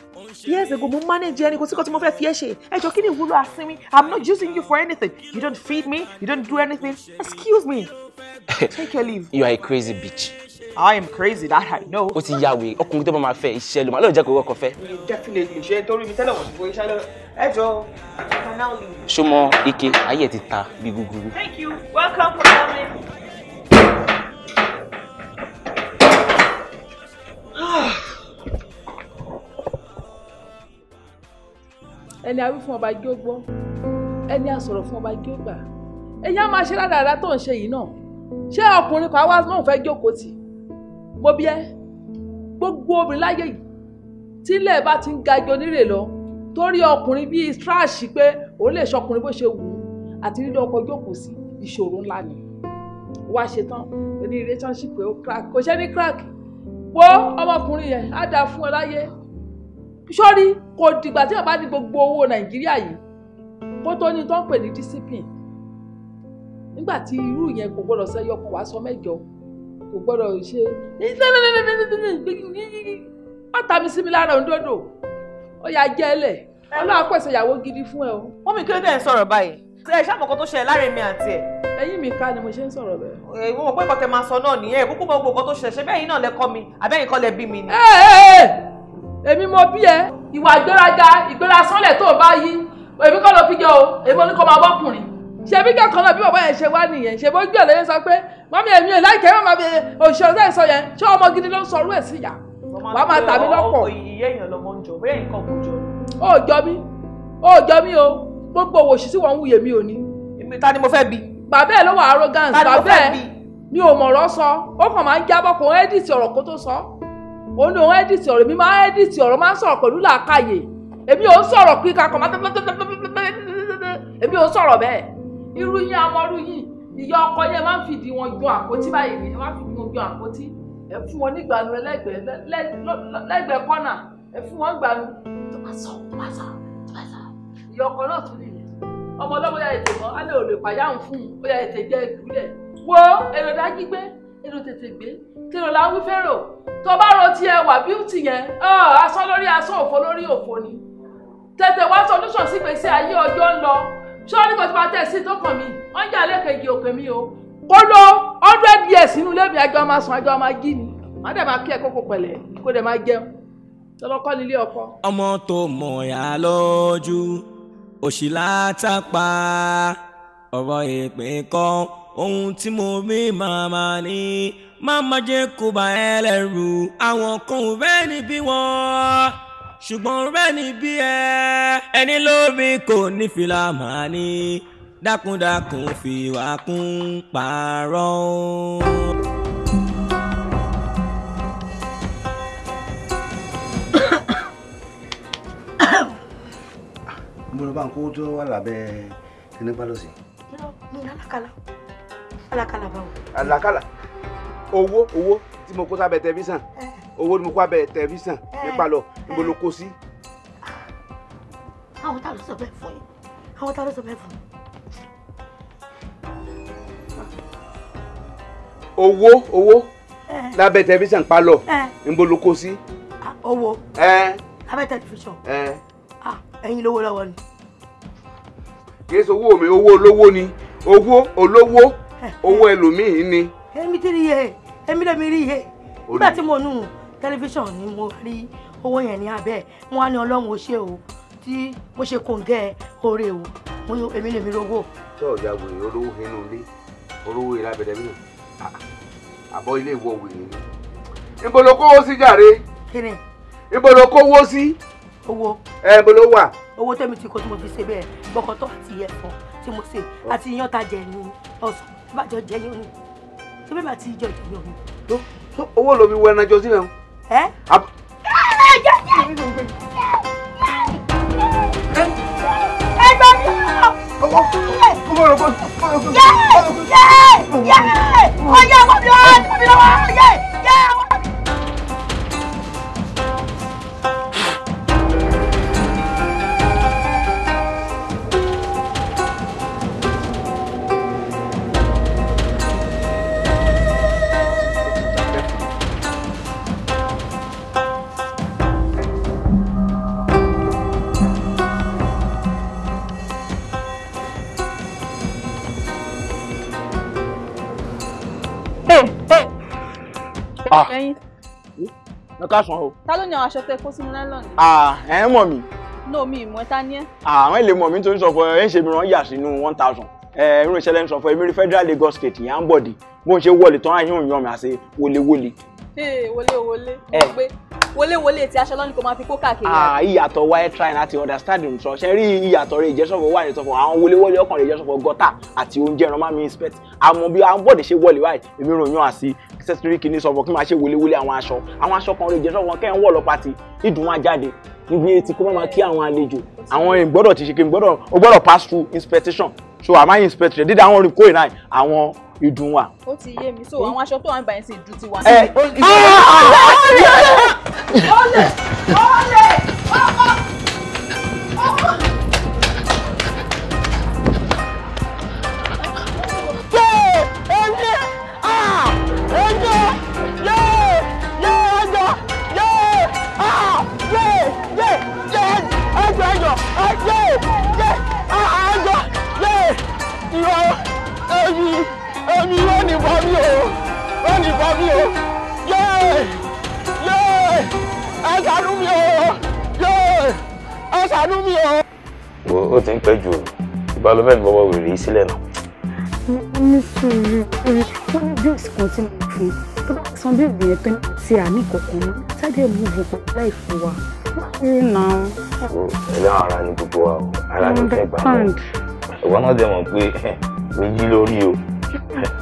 years ago mo manage ẹni kò sí kan tí mo fẹ́ fi ẹ́ ṣe ẹ jọ kí ni ìwúlò àsinmi I'm not using you for anything you don't feed me you don't do anything excuse me take your leave. you are a crazy bitch. I am crazy that I know. Ó ti ya wèrè ọkùnrin tó bá máa fẹ́ iṣẹ́ ló máa lọ́ọ̀ jẹ́ kó rọ́kọ̀ fẹ́. Definitely ṣe torí mi tẹ́lẹ̀ wọ̀n ti fo iṣẹ́ lọ. Ẹ jọ. Ṣọmọ Ike ayé ti ta bí gúgúrú. Thank you. Welcome for coming. Ẹni a wí fún ọba gí ó gbọ́, ẹni a sọ̀rọ̀ fún ọba gí ó gbà. Ẹ̀yin á máa ṣe ládàá tó ń ṣe yìí náà. Ṣé ọkùnrin kan wá náà fẹ́ jókòó tì í? mo bí ẹ gbogbo obìnrin láyé yìí tílẹ̀ bá ti ń ga igi onírè lọ torí ọkùnrin bíi tíráàṣì pé òun lè ṣọkùnrin bó ṣe wù ú àti rírí ọkọ jókòó sí ìṣòro ńlá ni wá ṣe tán oní relationship ó crack kò ṣe ní crack wo ọmọkùnrin yẹn á dáa fún ẹ láyé sórí kò dìgbà tí bàbá ní gbogbo owó nàìjíríà yìí kó tó ní tó ń pè ní discipline nígbà tí irú yẹn kò gbọdọ̀ sẹ́yọ kò wá sọ mẹ́jọ kò gbọ́dọ̀ ṣe ọ̀tá mi sí mi lára òǹdọ́dọ̀ ó yà jẹ́lẹ̀ ọlọ́run pèsè ìyàwó gidi fún ẹ o. wọ́n mi kí ló dé ń sọ̀rọ̀ báyìí ṣe iṣẹ́ àmọ̀kan tó ṣẹlẹ̀ láàrin mi àti ẹ̀. ẹ̀yin mi ká ni mo ṣe ń sọ̀rọ̀ bẹ́ẹ̀. ẹ ìwọ mọ̀ pé nǹkan tẹ máa sọ náà nìyẹn kúkú mọ gbogbo nǹkan tó ṣẹlẹ̀ ṣe bẹ́ẹ̀ yín náà lẹ́kọ́ mi àbẹ́yìn kọ́ lẹ bí mi ni. ẹ ẹ ẹ èmi mo bí ẹ ìwà ìgbéraga ìgbéra sánlẹ̀ tó o bá yí èmi kọ́ ló fi jẹ o èmi oníkọ́ máa bọ́kùnrin ṣebí kẹ́kọ̀ọ́ náà bí bàbá yẹn ṣe wá nìyẹn ṣe bó gbé ọ̀lẹ́yìn sọ pé mọ́mí èmi ò láìkẹ́ mọ́ máa fi òṣìṣẹ́ ọ̀sẹ̀ sọ yẹn ṣé ọmọ gidi ló ń sọ orú ẹ̀ sí ìyá wàá máa tàbí lọ́pọ̀. ìyá èèyàn lọmọ ń jọ bóyá nǹkan kò jọ. ó jọ mí ó jọ mí o gbogbo òwò òṣìṣẹ́ wọn ń wuyè mí ò ní. èmi ta ni mo fẹ́ bi. bàbá ẹ̀ ló wà arrogance bàbá ẹ̀ ni ò mọ̀rọ̀ sọ ó kàn máa ń jábọ̀ kó ń edit ọ̀rọ̀ kó tó sọ òun ni òun edit ọ̀rọ̀ mi máa ń edit ọ̀rọ̀ máa ń sọ̀rọ̀ pẹ̀lú làákàyè èmi ò ń sọ̀rọ̀ kíkà kọ̀ máa èmi ò ń sọ̀rọ̀ bẹ́ẹ̀ irú yín amọ́rú yìí ìyá ọkọ yẹn máa ń fìdí wọn yọ àpótí báyìí ni ẹ máa ń fìdí wọn yọ àpótí ẹ fún wọn nígbàánu ẹlẹgbẹẹ lẹgbẹẹ kọnà ẹ fún wọn gbàánu tó bá sọ tó bá sọ tó bá sọ ìyá ọkọ náà tún nìyẹn ọmọ ọlọ́mọ ya ètè mọ́ alẹ́ òde pàyáhùn fún un ó ya ètè jẹ́ ìkúlẹ̀ wo èrò dájú gbé èrò tètè gbé kèrò là ń wí fẹ́rò tó bá ro tiẹ̀ wà bíútì yẹn asán lórí asán òfo lórí òfo ni tètè wá solution sígbèsè ayé ọjọ́ ń lọ ṣé wọ́n ní kó ti máa tẹ̀ sí tọkàn mi wọ́n ń jà lẹ́kẹ̀ẹ́gì òkè mi o kó lọ hundred years inú ilé mi àjọ máa sùn àjọ máa jí ni wọ́n dẹ̀ máa kí ẹ kókó pẹ̀lẹ́ kó dẹ̀ máa jẹun tọlọ́kọ́ nílé ọkọ. ọmọ tó mọ̀ yá lójú òṣì látàpá ọ̀rọ̀ ìpè kan ohun tí mo bí màmá ní má má jẹ́ kó bá ẹ àwọn kan ò bẹ́ẹ̀ níbí wọn ṣùgbọ́n rẹ̀ ní bí ẹ ẹni lómi kò ní fìlà máa ní dákúndákùn fìwà kún pààrọ̀ o. bolo bá ń kó tó wà lábẹ́ kíní pa lọ́sìn. mi lálàkàlà alàkàlà báwo. alàkàlà owó owó tí mo kó sábẹ́ tẹlifíṣàn eh, eh owó ni mo kó abẹ́ tẹlifíṣàn nípa lọ níbo ló kó sí. àwọn tá ló sọ bẹ́ẹ̀ fún yín àwọn tá ló sọ bẹ́ẹ̀ fún yín. owó owó lábẹ́ tẹlifíṣàn palọ̀ níbo ló kó sí. owó lábẹ́ tẹlifíṣàn ẹ̀yin lówó lọ́wọ́ ni. kì í owó mi owó olówó ni owó olówó owó ẹlòmíín ni. èmi ti rí iye èmi mi rí iye nígbà tí mo nù tẹlifíṣàn ni mo rí owó yẹn ní abẹ́ wọn á ní ọlọ́run ó ṣe o tí mo ṣe kòǹgẹ́ oore o mo ní èmi lèmi lówó. ṣé ọ̀gá wèrè olówó inú ilé olówó ilé abẹ́rẹ́ mi àbọ̀ ilé ìwọ wèrè ni. ibo ló kówó sí jàre. kí ni. ibo ló kówó sí. owó. ẹ ibo ló wà. owó tẹ́mi ti kó tí mo fi ṣe bẹ́ẹ̀ gbọ́kọ̀tọ̀ àti ẹ̀fọ́ tí mo ṣe àti iyán ta jẹ ní ọ̀sán tí bàjọ́ jẹ yán ni tí bẹ́ẹ̀ bá ti jẹ yán ni. owó ló fi wọ ẹnajọ ẹ. ẹ gbà kásán o. ta ló ní àwọn aṣọ tẹ kó sínú nylon. ẹ mọ̀ mi. no mi ìmọ̀ ẹ ta ni ẹ. àwọn èlé mọ̀ mi nítorí sọ fún ẹ ń ṣe mi rán yà sínú one thousand irun ìṣẹ̀lẹ̀ ń sọ fún ẹmí federal Lagos state yà ń bọ̀dì bó ń ṣe wọlé tán àyàn yàn mí àṣẹ wọléwọlé. ee wọléwọlé mo gbé wọléwọlé ti aṣọ lọ́nìkan máa fi kó káàkiri. Ah, ìyàtọ̀ wa ẹ try láti understand nǹkan ṣe rí ìyàtọ̀ rẹ̀ ìjẹ́sọ̀fọ̀ wà ní ìtọ̀fọ̀ àwọn wọléwọlé ọkàn rẹ̀ ìjẹ́sọ̀fọ̀ gọ́tà àti oúnjẹ ẹran máa mi inspect àmọ́ bí àwọn bọ́ọ̀dì ṣe wọlé wáyé èmi rò yàn àsì sẹ́sítírì kìíní sọ̀fọ̀ kí máa ṣe wọléwọlé àwọn aṣọ àwọn aṣọ kan rẹ̀ ìjẹ́sọ̀fọ̀ kẹ́ ń wọ̀ lọ pati ìdùn wa jáde níbi etí kó má máa kí àwọn àlejò àwọn ìgbọ́dọ̀ ti ṣe kí ìgbọ́dọ̀ pass through inspection so àmáyé inspector dídá àwọn orin kóyìn náà àwọn ìdùn wa. ó ti yé mi so àwọn aṣọ tó wà ń bá yẹn sí ìdùn ti wá. ẹ ó lè ó lè. mi o yéè yéè ẹ ṣàánú mi o yéè ẹ ṣàánú mi o. wo ó ti ń pẹ́ jù ìbálòpọ̀ mi bọ́wọ́ wèrè yìí sílẹ̀ náà. ní sùúrù ó ní bí òsì kan tí mo fi tó bá san bí ìgbìyànjú tó ní ti àmì kọ̀ọ̀kan mú sáde mú ìbùkún láì fún wa. ẹ̀yà ara ni gbogbo wa o ara ni fẹ́ gbà wọ́n ìwọ náà dẹ̀ mọ̀ pé ojú lórí o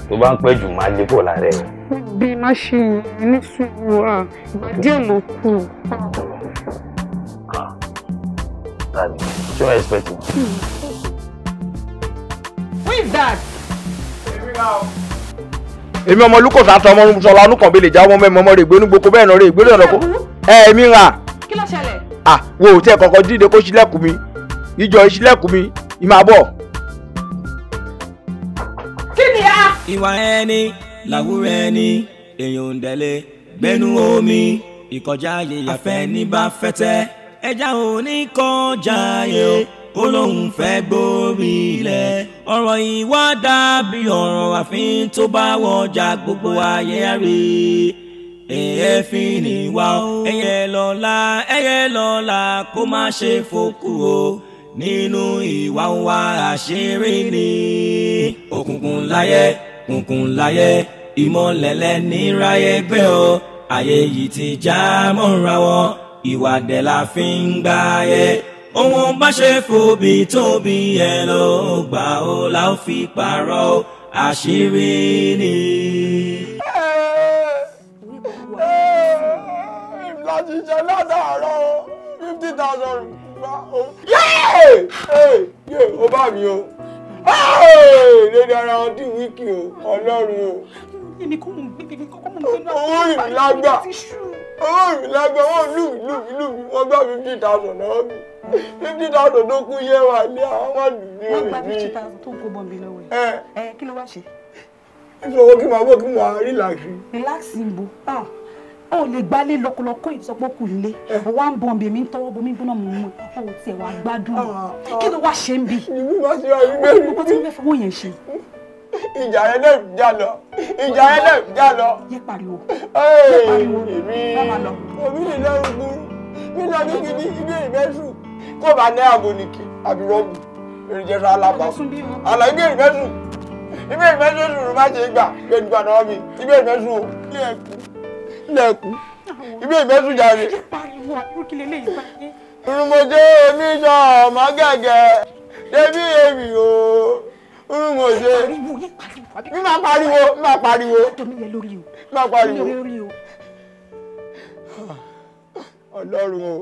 tó bá ń pẹ́ jù máa lé pọ̀ lára ẹ̀ bí má ṣe yẹn ní sùúrù à ìgbà díẹ̀ ló kù. Ah, tani, ṣé wàá expect me? Hmm. Who is that? Èmi ọmọ Lukọ̀ sá tọmọ Sọlá Olúkànbí lè já ọmọ mẹ́mọ́ ọmọ rẹ̀ gbénú gboko bẹ́ẹ̀ náà rẹ̀ gbénú ọ̀nà kó. Ẹ mi ra. Kí ló ṣẹlẹ̀? À wo tí ẹ kọ̀kọ́ dídé kó ṣílẹ̀kùn mi. Ìjọ ìṣílẹ̀kùn mi, ìmọ̀ àbọ̀. Kí ni a? Ìwà ẹni làwúrẹ́ ní èèyàn ò ń dẹ̀lé gbẹ́nu omi ìkọjá ayé yàfẹ́ ní bá fẹ́tẹ́ ẹja ò ní kọjá ayé ó lóun fẹ́ gbórí ilẹ̀ ọ̀rọ̀ ìwà dàbí ọ̀rọ̀ àfin tó bá wọjà gbogbo ayé rí èéfín níwá ẹyẹ lọ́la ẹyẹ lọ́la kó má ṣe fòkù o nínú ìwà wa àṣírí ni òkùnkùn láyé òkùnkùn láyé ìmọ̀lẹ́lẹ́ níráyé gbé o ayé yìí ti já mọ́ra wọn ìwà dẹ̀ la fi ń gbáyé ohun bá ṣe fòbí tóbi ẹ ló gbà ó la ó fi pààrọ̀ àṣírí ni. láti ṣe fifty thousand. yéé! ó bá mi o lórí ara wọn tí wíkì o ọlọ́run o. èmi kò mú bíbí kókó mú bíbí náà. owó ìmìlágbà owó ìmìlágbà wọn lù mí lù mí lù mí wọn gbà fifty thousand náà mi fifty thousand tó kú yẹ wà ní àwọn wà lù mí. wọn gba fifty thousand tó kó bọ̀m̀bì lọ́wọ́ ẹ̀ kí ló wá ṣe. ìfowó kí n máa bọ̀ kí n máa rí làásì. relax ń bo o lè gbálé lọkọlọkọ ìsọpọ kù nílé wa ń bọ̀n bèmí ń tọwọ́ bomi gbóná mu mu o ò tiẹ̀ wá gbádùn ah, ah. kí ló wá ṣe ń bì. ìlú wá ṣe wá gbé mi. o ti fẹ́ fowó yẹn ṣe. ìjà yẹn lè já lọ ìjà yẹn lè já lọ. yé pariwo yé pariwo bàbá lọ. omi lè lọ ogun mi lọ ní gidi ilé ìmẹ́sù kó bá ní àgọ́nìkì àbí rọ́ọ̀bù èrìjẹ́sọ alábà àlàyé ilé ìmẹ́sù ilé ìmẹ́sù sùn má ṣe gbà gbẹdùgbà náà mi ilé ìmẹ́sù o ilé ẹ̀kú lẹ̀kùn ibi ìbẹ́sùn jáde. irunmọ̀jẹ́ oníṣọ́ ọ̀mọ́ gẹ̀gẹ́ débí èmi o irunmọ̀jẹ́ mi máa pariwo mi máa pariwo mi máa pariwo ọlọ́run o.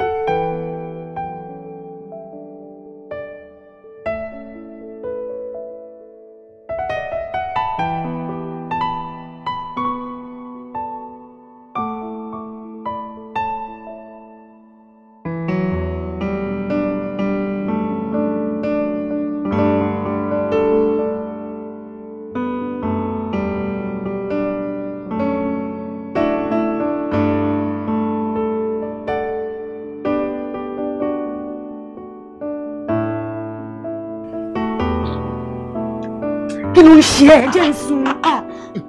ṣe ẹ jẹ́ ń sun.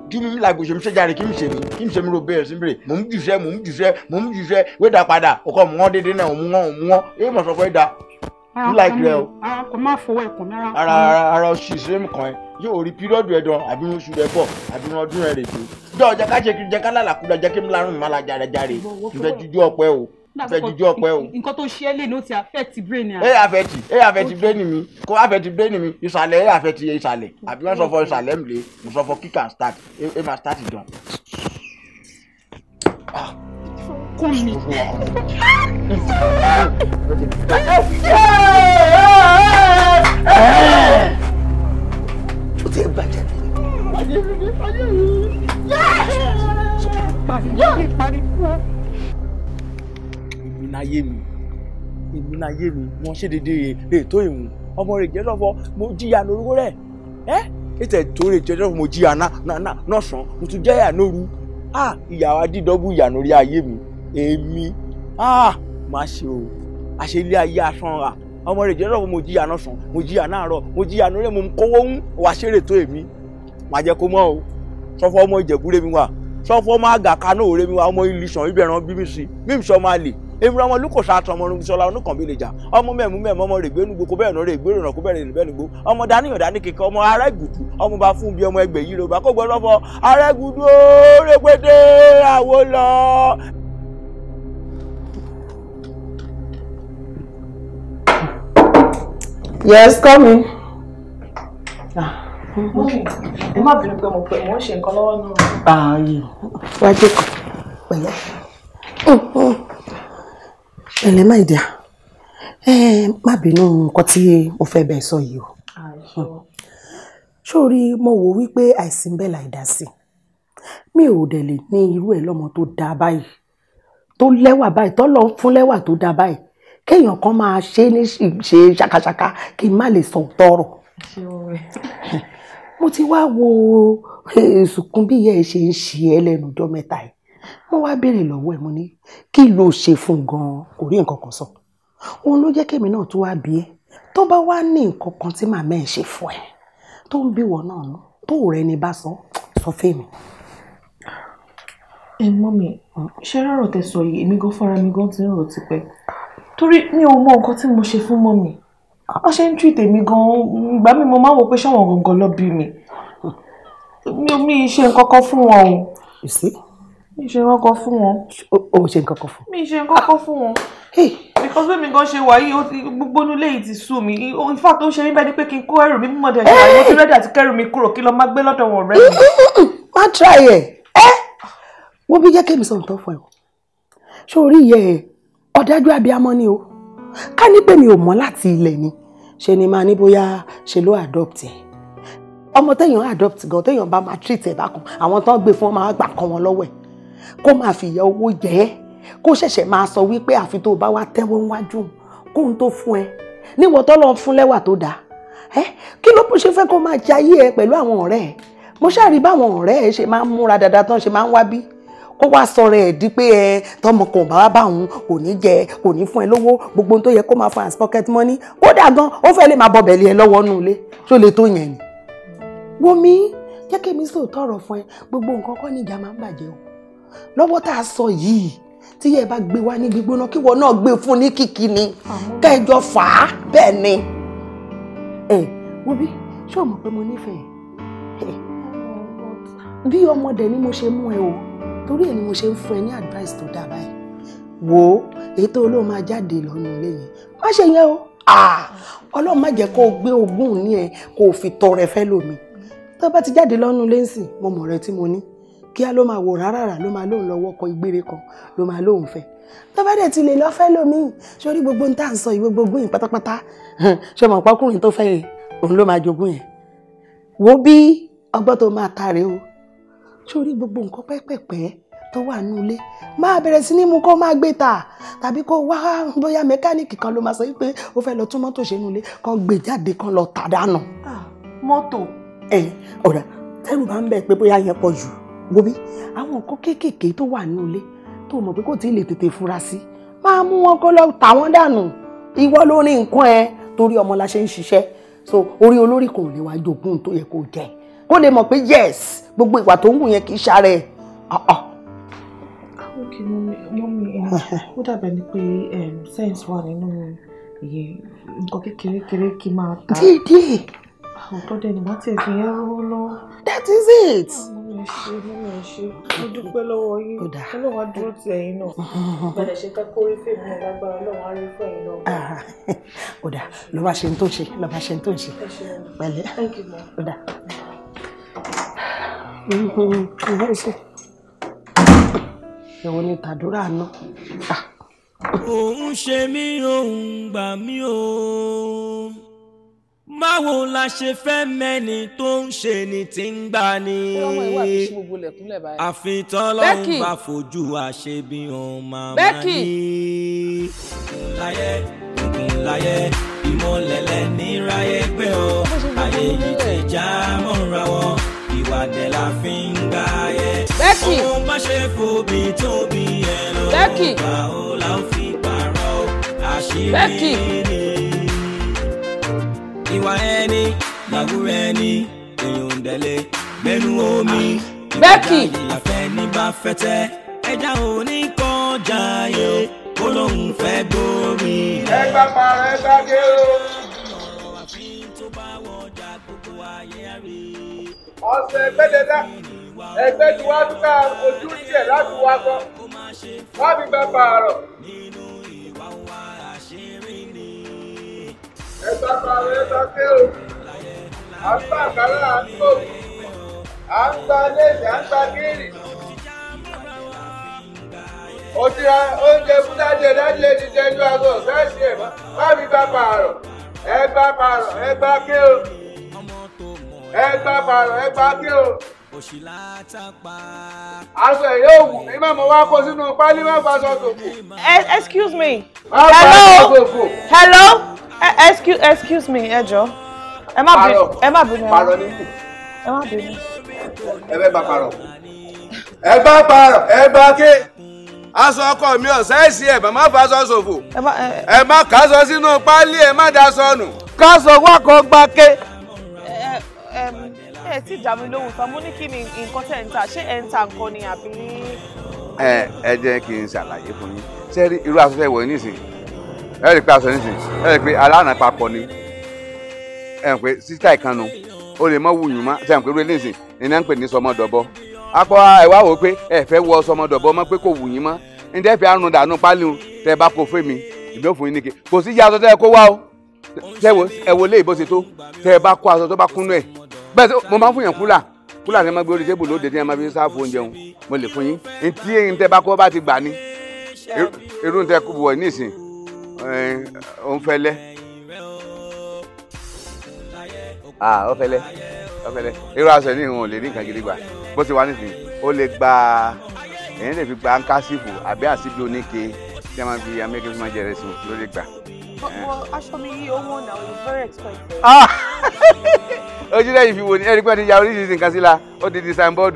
kí mi làgbo ṣe mi ṣe jáde kí mi ṣe mi kí mi ṣe mi ro bẹ́ẹ̀ sí bèrè mò ń jùṣẹ́ mò ń jùṣẹ́ mò ń jùṣẹ́ wéda padà ọkọ mò ń wọ́n déédéé náà mò ń wọ́n mò ń wọ́n èyí mọ̀ sọ fún ẹ̀dá mi láì rẹ o. ara kò má fọwọ́ ẹ̀kọ́ mi ara. ara ara ṣì ṣe é kàn ẹ́ yóò rí píríọ̀dù ẹ̀dán àbí oṣù rẹ̀ pọ̀ àbí ọdún rẹ̀ rètò. jọ jẹ ká ṣe kiri jẹ ká lálàkúdà jẹ kí mi lárùn má la jàre jàre ìfẹ́ jíjú ọpẹ́ o fẹ̀tìjú ọ̀pẹ o. nǹkan tó ṣe é lè ní o ti affect brain ya. ẹ affect ẹ affect brain mi kó affect brain mi ìsàlẹ̀ ẹ affect ìsàlẹ̀ àbí wọ́n sọ fọ ìsàlẹ̀ mi lè mo sọ fọ kick and start ẹ máa start ìdán. Ah. kún ti bàjẹ́ mi. ayé mi ni ayé mi. parí parí fún ọ náyé mi èmi náyé mi wọ́n ṣe dédé ètò ìwọ̀n ọmọ rẹ̀ jẹ́ lọ́fọ́ mo jìyà lórúkọ rẹ̀ ẹ́ ètò ètò rẹ̀ jẹ́ lọ́fọ́ mo jìyà náà sàn mo tún jẹ́ ìyà lóru ah ìyàwó adídọ́gbù ìyà lórí ayé mi èmi ah má ṣe o àṣelé ayé asanra ọmọ rẹ̀ jẹ́ lọ́fọ́ mo jìyà náà sàn mo jìyà náà rọ mo jìyà lórí mo kówó ń wá ṣeré tó èmi má jẹ́ kó mọ́ o sọ́fọ́ ọmọ ìjẹ̀bú rẹ̀ mi wà sọ́fọ́ ọmọ àgàkanó rẹ̀ mi wà ọmọ ilé sàn ibẹ̀ràn èmúra wọn lukọ sàtọ ọmọ ọrùn sọlá bí lè jà ọmọ mẹmú mẹmú ọmọ rẹ gbénugbó kó bẹ́ẹ̀ nọ rẹ gbérònà kó bẹ́ẹ̀ rẹ gbó ọmọ daniyan dani kékeré ọmọ ará ìgùtù ọmọ bá fún bí ọmọ ẹgbẹ yìí ló kó gbọ́ lọ́fọ̀ ará ìgùtù ooo pété lọ. yes come in. Ah. ẹ má bínú pé mo pè mo ń ṣe nǹkan lọ́wọ́ náà. wájú kan pẹ̀lẹ́. Mm, mm ẹ̀lẹ́ máa dìá ẹ má bínú nǹkan tí mo fẹ́ bẹ́ẹ̀ sọ yìí o sórí mo wò wípé àìsí ń bẹ́ẹ̀ láìdá sí mi ò dẹ̀ lè ní irú ẹ̀ lọ́mọ tó dáa báyìí tó lẹ́wà báyìí tó lọ́ fún lẹ́wà tó dáa báyìí kéèyàn kan máa ṣe é ní ṣe ṣàkàṣàkà kí n má lè sọ tọrọ mo ti wá wo èsùnkún eh, bí ìyá ẹ ṣe ń ṣe ẹ lẹ́nu ọjọ́ mẹ́ta yìí mo wá béèrè lọ́wọ́ ẹ̀ mo ní kí ló ṣe fún gan-an kò rí nǹkan kan sọ òun ló jẹ́ kémi náà tó wá bí ẹ tó bá wá ní nǹkan kan tí màmá ẹ̀ ṣe fún ẹ tó ń bí wọ náà nù tó rẹ ni bá sọ sọ fèmí. ẹ mọ́ mi ṣé rárọ̀ tẹ sọ yìí èmi gan fúnra mi gan ti ń rò torí mi ò mọ nǹkan tí mo ṣe fún mọ́ mi wọ́n ṣe ń tú ìtèmi gan ìgbà mi mo máa ń wò pé ṣọ́wọ́n gangan ló bí mi mi ò mi ṣe nǹkan kan fún wọn o mi ṣe kankan fún wọn. o ṣe nǹkan kan fún. mi ṣe nǹkan kan fún wọn. because bẹ́ẹ̀ mi gan ṣe wà yìí gbogbo inú lẹ́yìn ti sú mi in fact ó ń ṣe mí bẹ́ẹ̀ ni pé kí n kó ẹrù mi mímọ́ dẹ̀ ṣe wà yìí mo ti kẹrù mi kúrò kí lọ máa gbé lọ́dọ̀ wọn rẹ́ má mm, mm, mm, try ẹ ẹ wọ́n bí jẹ́ kí èmi sọ nǹkan fún ẹ ṣé orí ìyẹ́ ẹ ọ̀dájú abiyamọ ni o ká ní pé mi ò mọ̀ láti ilẹ̀ ni ṣe ni máa ní bóyá ṣe ló adopt ẹ̀ ọmọ téèyàn adopt gan téèyàn bá máa treat ẹ̀ bákan àwọn tán gbé fún wọn máa gbà kan wọn lọ́wọ́ ẹ̀ kó máa fìyà owó jẹ ẹ́ kó ṣẹ̀ṣẹ̀ máa sọ wípé àfi tó o bá wá tẹ́wọ́ níwájú kóhun tó fún ẹ níwọ̀n tó lọ́n fún lẹ́wà tó dáa ẹ kí ló ṣe fẹ́ kó máa jayé ẹ pẹ̀lú àwọn ọ̀rẹ́ ẹ mo ṣàrí báwọn ọ̀rẹ́ ẹ ṣe máa ń múra dáadáa tán ṣe máa ń wá bí kó wá sọ̀rọ̀ ẹ̀ di pé ẹ tọmọ kan bá wá bá òun kò ní jẹ kò ní fún ẹ lówó gbogbo ohun tó yẹ kó máa fún as pocket money kódà gan ó fẹ́ lè máa bọ bẹ̀lì ẹ lọ́wọ́ nù ilé tó le tó yẹn ni. wọ́n mi jẹ́ kí èmi sòótọ́ ọ̀rọ̀ fún ẹ gbogbo nǹkan kọ́ ni ìjà máa ń bàjẹ́ o lọ́wọ́ tá a sọ yìí tí ẹ bá gbé wá ní gbígbóná kí wọn náà gbé fún ní kìkì ni kẹjọ fà á bẹ́ẹ̀ ni. ẹ wo bí ṣé o mọ̀ pé mo nífẹ̀ẹ́ bí ọmọdé ni mo ṣe mú ẹ o torí ẹ ni mo ṣe ń fún ẹ ní advice tó dáa báyìí wo èyí olóò máa jáde lọ́nu ilé yẹn má ṣe yẹn o ọlọ́run má jẹ́ kó o gbé ogún ní ẹ kó o fi tọrẹ fẹ́ lómi tó bá ti jáde lọ́nu ilé ń sìn mo mọ̀ rẹ tí mo ní kíá ló máa wò rárá ló máa lóun lọ́wọ́ kan ìgbére kan ló máa lóun fẹ́ tó bá dẹ̀ ti lè lọ́ọ́ fẹ́ lómìn sórí gbogbo ń tà ń sọ ìwé gbogbo yìí pátápátá ṣe mọ̀ pọ́kùnrin tó fẹ́ yẹn òun ló máa jogún yẹn wo bí ọgbọ́n tó máa ta rèé o sórí gbogbo nǹkan pẹ́pẹ́pẹ́ tó wà ní ilé máa bẹ̀rẹ̀ sí ní mu kó máa gbé ta tàbí kó wá bóyá mẹkáníìkì kan ló máa sọ pé ó fẹ́ lọ tún mọ́tò ṣe nílé kan gbé jáde kan lọ tà dànù. Ah, mọ́tò. ẹ ọ̀rẹ́ tẹ́rù bá ń bẹ̀ pé bóyá yẹn pọ̀ jù wo bí àwọn nǹkan kéékèèké tó wà nínú ilé tó mọ̀ pé kò tí ì lè tètè fura sí máa mú wọn kó lọ tà wọ́n dànù ìwọ ló ní nǹkan ẹ torí ọmọ la ṣe ń ṣiṣẹ́ so orí olórí kan ò lè wá jogún tó yẹ kó jẹ kó lè mọ̀ pé yes gbogbo ìwà tó ń wù yẹn kì í ṣàrẹ̀ ọ̀ọ́. okay mọ́mí mọ́mí ó dàbẹ̀ ni pé sense wà nínú iye nǹkan kékeré kí n máa ta. dídì. àwọn tó dẹni wá tiẹ̀ fi yẹn rọ́ lọ́wọ́ that is it. Ah, mo dúpẹ́ lọ́wọ́ yín ọlọ́wọ́ dúró ti ẹ̀yin náà bẹ̀rẹ̀ ṣe fẹ́ kórí fèmí náà ọlọ́wọ́ á rí fún ẹ̀yin náà. ọ̀dà ah, ló bá ṣe ń tó ṣe ló bá ṣe ń tó ṣe pẹ̀lẹ́ ọ̀dà. ìwọ ni tàdúrà náà òun ah. ṣe mí òun gbà mí o báwo la ṣe fẹ́ mẹ́ni tó ń ṣe ni tí ń gbà ní. àfi tọ́lọ́run bá fojú àṣebí hàn màmá ní. ìkúnláyé ìkúnláyé ìmọ̀lẹ́lẹ̀ níráyé pé o ayé yìí ti já mọ́ra wọn ìwà dẹ̀ la fi ń gbà yẹ. òun bá ṣe fòbí tóbi ẹ̀ lọ́wọ́ ó la fi pààrọ̀ àṣírí ni ìwà ẹni làwúrẹ́ ẹni èèyàn gbẹnu omi bẹ́ẹ̀kì ìyàfẹ́ ní bá fẹ́tẹ́ ẹja ò ní kọjá yẹ kó lóun fẹ́ gbórí rẹ̀. ẹgbà para ẹgbà gẹ́rọ. ọ̀sẹ̀ ẹgbẹ́dẹ́dá ẹgbẹ́ tí wọ́n tún ojú tiẹ̀ láti wá kọ́ wọ́n fi bẹ́ pààrọ̀. ẹ bá bá rẹ o à ń bá àkàrà à ń gbò à ń gba léèdì à ń gba gírì òtí oúnjẹ fún dájẹ dájẹ ti tẹjú aago sẹẹsì ẹ bá mi bá pààrọ̀ ẹ bá pààrọ̀ ẹ bá ké o ẹ bá pààrọ̀ ẹ bá ké o aṣọ ẹ̀ yóò wù mí mọ̀ wá kó sínú pálí má fa tòkù. excuse me. má hello. hello. Eh, eh, excuse excuse me ẹ jọ̀ọ́ ẹ má bínú ẹ má bínú ẹ má bínú. ẹ bẹ bá parọ́ ẹ bá parọ́ ẹ bá ké aṣọ ọkọ mi ọ̀sẹ̀ ẹ̀sìn ẹ̀ bàmá fàṣọ ṣòfò ẹ má kàṣọ sínú páálí ẹ má da sọnù. káṣọ wákò gba ké. ẹ ẹ ẹ ti dà mí lóhùn tán mo ní kí ni nǹkan tẹ̀ ń ta ṣé ẹ̀ ń ta nǹkan ni àbí. ẹ ẹ jẹ́ kí n ṣàlàyé fún yín ṣé irú afẹ́fẹ́ wọ̀ ẹ́ nísìnyí ẹ rí i pé aṣọ nísìn ẹ rí i pé alánà papọ̀ ni ẹ ń pè sísítà ìkànnù ó lè mọ wùyùn mọ ṣe ń pè rẹ́lẹ̀ nísìn iná ń pè ní sọmọdọ̀bọ apọ̀ ẹ̀wá wò pé ẹ fẹ́ wọ sọmọdọ̀bọ mọ́ pé kò wùyìn mọ́ ní tẹ́ fi àrùn dànù pálí o tẹ́ bá kó fẹ́ mi ìdó fún yín ní ke kò sí yàtọ̀ tẹ́ kó wá o tẹ́ wo ẹ wo lé ìbò ṣe tó tẹ́ bá kó aṣọ tó bá kúnú ẹ̀ bẹ́ẹ̀ mo máa ń fún yàn kúlà kúlà ni ẹ máa gbé orí tébù lóde tí ẹ máa fi sáàfù oúnjẹ mo lè fún yín ntí ntẹ bá kó bá ti gbà ni irú ntẹ kú wọ̀ nísìn ọ̀nfẹ́lẹ́ ah ọ̀fẹ́lẹ́ ọ̀fẹ́lẹ́ irú aṣọ ní ìwọ̀n ò lè ní nǹkan gidi gbà bó ti wà nísìnyí ó lè gba èyí lè fi gba ankásífù àbí àṣìbí oníke tí a máa fi amẹ́kẹ́ fún ọjà rẹ̀ sùn ló lè gbà. aṣọ mi yí owó ọ̀nà ọ̀yọ́ very expensive. Ah! ojú lẹ́yìn fi wò ní ẹ̀rí pé ti ya oríṣiríṣi nǹkan sí la ó ti di signboard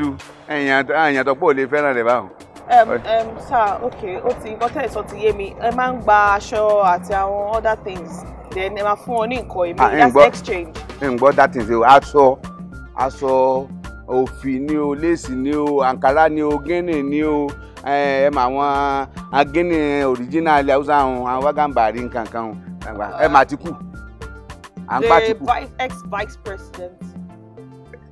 ẹ̀yìn àtọ́pọ̀ ò lè fẹ́ràn rẹ̀ báwọn. Um, um, sir okay ó ti nǹkan tẹ́ ẹ̀ sọ ti yé mi ẹ máa ń gba aṣọ àti àwọn other things then ẹ máa fún ọ ní nǹkan èmi ah, that's exchange. ǹgbọ́ that thing ṣe aṣọ aṣọ òfì ni o léèsì ni o àǹkárá ni o gíní ni o ẹ mà wọn agíní original hausa ọ̀hún àwọn wágàǹbàrí nǹkan kan ọ̀hún ẹ mà ti kú the vice ex vice president.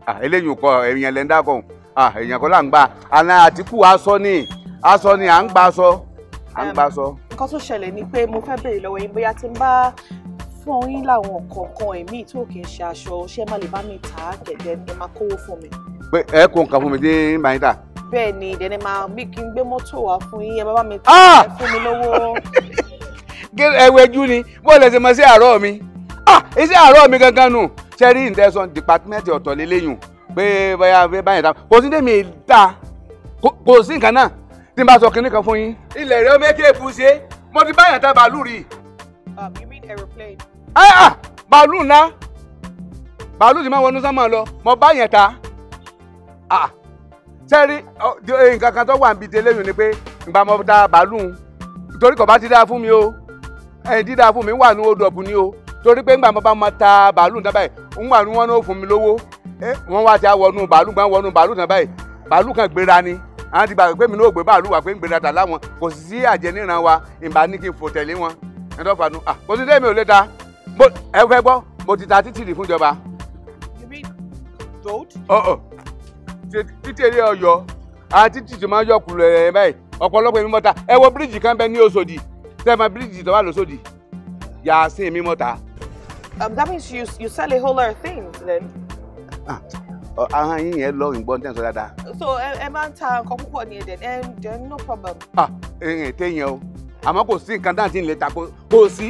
Ah, eléyìí kọ ẹ̀yìn ẹ̀lẹ́ńdà kọ̀ọ̀hún. Ah, èèyàn kọ́ là ń gbà àná àtìkù aṣọ ni aṣọ ni à ń gba aṣọ à ń gba aṣọ. nǹkan tó ṣẹlẹ̀ ni pé mo fẹ́ béèrè lọ́wọ́ yín bóyá tí ń bá fún yín láwọn kọ̀ọ̀kan ẹ̀mí tó kì í ṣe aṣọ ṣé má lè bá mi tà á gẹ̀gẹ́ ẹ máa kówó fún mi. pé ẹ kó nǹkan fún mi dé máa ń tà. bẹ́ẹ̀ ni ìdẹ́ni máa bí kí n gbé mọ́tò wá fún yín ẹ bá bá mi tà á ah! fún mi lọ́wọ́. ẹwẹ́jú ni bó lè ṣe sí àárọ̀ mi ah, iṣẹ́ àárọ̀ mi gangan nù ṣẹ́rí ìtẹ̀sán dìpátímẹ́ǹtì ọ̀tọ̀ lélẹ́yìn pé báyà báyà kò sí tèmi dá kò sí nǹkan náà tí n bá sọ kinní kan fún yín. ilẹ̀ rẹ̀ méjì èbú ṣe mo ti báyà ta bàálù rí. Ah, you mean aeroplane. Ah, ah bàálù ńlá bàálù ti máa wọnú sánmọ̀ lọ mo báyà ta ah, sẹ́rí eh, nǹkan kan tó wà níbi tẹ́lẹ̀yìn ni pé ìgbà mo ta bàálù torí kò bá ti dáa fún mi o ẹ̀yìn dídá fún mi wà ní odò ọ̀bùn ni o torí pé ńgbà mo bá mo ta bàálù dábàá yìí ń wà ní wọn ní fún mi lówó wọ́n wá ti wọnú bàálù gbọ́n wọnú bàálù tán báyìí bàálù kan gbéra ni àwọn ti gbàgbé mi ní ògbé bàálù wà pé ń gbéra tà láwọn kò sì sí àjẹníran wa ìbá ní kí n fò tẹ̀lé wọn ẹ̀dọ́ fanu à kò sí tẹ́mi ò lè ta ẹ fẹ́ gbọ́ mo ti ta títìrì fún ìjọba. títí eré ọyọ àti títì tó máa ń yọkù rẹ ẹ báyìí ọ̀pọ̀lọpọ̀ èmi mọ́ta ẹ wo bíríìjì kan bẹ ní Òṣòdì tẹ́ẹ̀mọ bíríìjì tó wà lóṣòdì yàá sí èmi mọ́ta. Um, that means you, you sell a whole lot of things then. Ah, ah, ahọ́n yín yẹn lọ ìgbọ́n tẹ̀ sọ dáadáa. so ẹ máa ń ta nǹkan púpọ̀ ní ẹ̀dẹ̀ ẹ no problem. ah ẹ̀yìn téèyàn o àmọ́ kò sí nǹkan dáhùn tí ń lè ta kó o sí.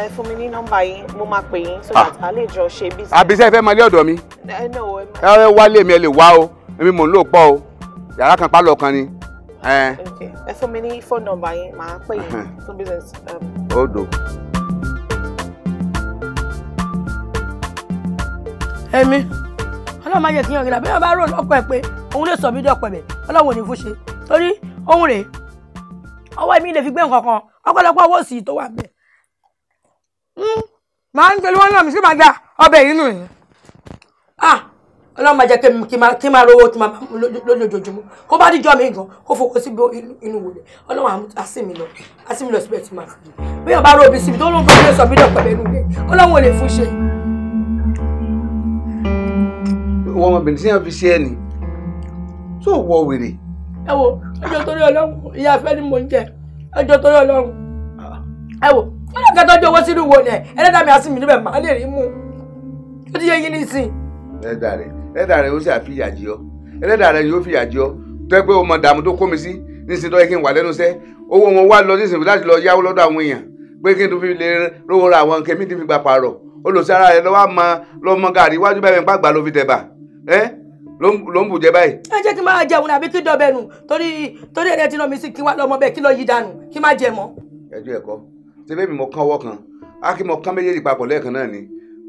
ẹ fún mi ní nọ́mbà yín mo máa pè yín so ah. that a lè jọ ṣe business. àbísẹ́ fẹ́ máa lé ọ̀dọ̀ mi. ẹ nà o ẹ máa. ẹ wá lé mi ẹ lè wá o èmi mò ń lò pọ̀ o yàrá kan pálọ̀ kan ni. ẹ fún mi ní phone number yín màá pè yín fún business. odò. Um. ẹ̀mí. Um ọlọ́run máa yẹ kí yàn gíga bí wọ́n bá rò lọ́pọ̀ ẹ̀ pé òun lè sọ mí dọ̀pọ̀ ẹ̀bẹ̀ ọlọ́run ò ní fún ṣe torí ohun rèé ọwọ́ mi lè fi gbé nǹkan kan ọ̀pọ̀lọpọ̀ owó sì tó wà bẹ́ẹ̀. Hmm, màá ń tẹ̀lé wọn náà mi sí màá gba ọbẹ̀ yìí nù yín. Ah, ọlọ́run máa jẹ́ kí n máa rówó tí máa lójoojúmọ́ kó bá díjọ́ mi gan kó fowó sí inú wò lẹ̀ ọlọ́run àsìmì lọ àsìmì lọ síbẹ̀ tí máa fi bí ọba rò bí síbi tó lóun kọ́ ló sọ mí dọ̀pọ̀ ẹ̀bẹ̀ nù wọn ọmọbìnrin tí wọn fi ṣe ẹ ni tó wọ wèrè. ẹ wo ọjọ́ torí ọlọ́run ìyá afẹ́ ni mò ń jẹ ọjọ́ torí ọlọ́run ẹ wo wọn náà kẹtọ́ ọjọ́ owó sínú wo ni ẹ ẹlẹ́dàá mi á sì mí níbẹ̀ máa lè rí mú ó ti yẹ yín nísìn. ẹlẹ́dàá rẹ ẹlẹ́dàá rẹ ó sì àfihàn jẹ ọ ẹlẹ́dàá rẹ yóò fìyà jẹ ọ tó yẹ pé o mọ dààmú tó kó mi sí nísìnyí tó yẹ kí n wà lẹ́nu iṣẹ́ owó wọn wá lọ nísìnyí láti lọ yáwó lọ́dọ̀ àwọn èèyàn pé kí n tó fi lè rówó ra àwọn kẹ́mí tó fi gbà pààrọ̀ olùsí ara rẹ lọ́wọ́ máa lọ́mọ gàrí iwájú bẹ́ẹ̀ mi pàgbà ló fi tẹ̀ bà Eh? ló ń bùjẹ báyìí. ẹ jẹ́ kí n máa jẹun àbí kí n dọ̀bẹ̀ nù torí torí ẹ̀rẹ́ tí náà mi sì kí n wá lọ́mọ bẹ́ẹ̀ kí lọ yí dànù kí n má jẹ mọ́. mi mọ kan á kí mo kán méjèèjì papọ̀ lẹ́ẹ̀kan náà ni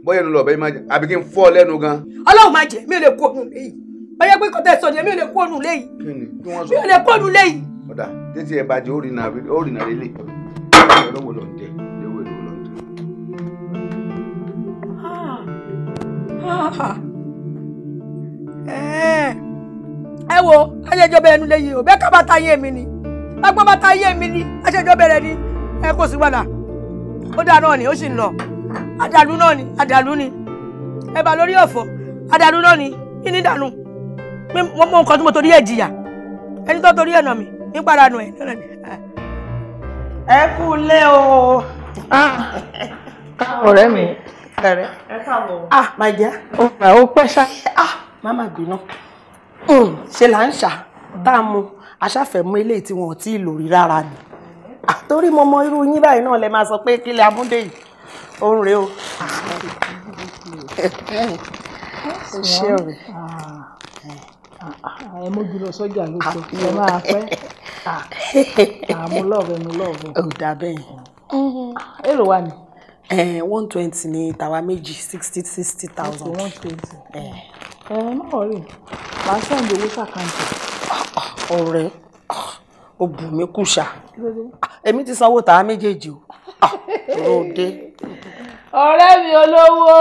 bóyá ẹnu lọ́ọ̀bẹ má jẹ àbí kí n fọ́ ọ lẹ́nu gan. ọlọ́run jẹ ò lè kó pé ẹ wo ẹjẹjọ bẹ̀rẹ̀ nulẹ yìí o bẹ́ẹ̀ ká bàtà yé mi ni ẹgbẹ bàtà yé mi ni ni ẹ kò sí wàdà ó dáa náà ni ó sì ń lọ náà ni àdàlú ni ẹ bá lórí náà ni dànù mo mọ nǹkan tí mo torí ẹ̀ jìyà ẹni tó torí ẹ̀ nà mí ní padà nù ẹ̀ ẹ kú lé o ah, má má bínú hmm, ṣe là ń ṣà tá a mu aṣáfẹ̀mú eléyìí tí wọn ò tí ì lò rí rárá ni torí mo mọ irú yín báyìí náà lè máa sọ pé kílẹ̀ amúdé yìí òun rèé o ṣé ọ̀rẹ́ ẹ mójú lọ sọ́jà ló sọ ẹ máa pẹ́ àmú lọ́ọ̀bẹ ò dà bẹ́ẹ̀. èrò wa ni. one twenty ni tàwa méjì sixty sixty thousand. one twenty ẹ má wọlé màá sẹ́ǹdì owó sàkáǹtì. ọ̀rẹ́ o bù mí kùsà èmi ti sanwó tàá méjèèjì o ah, ròde. ọ̀rẹ́ mi olówó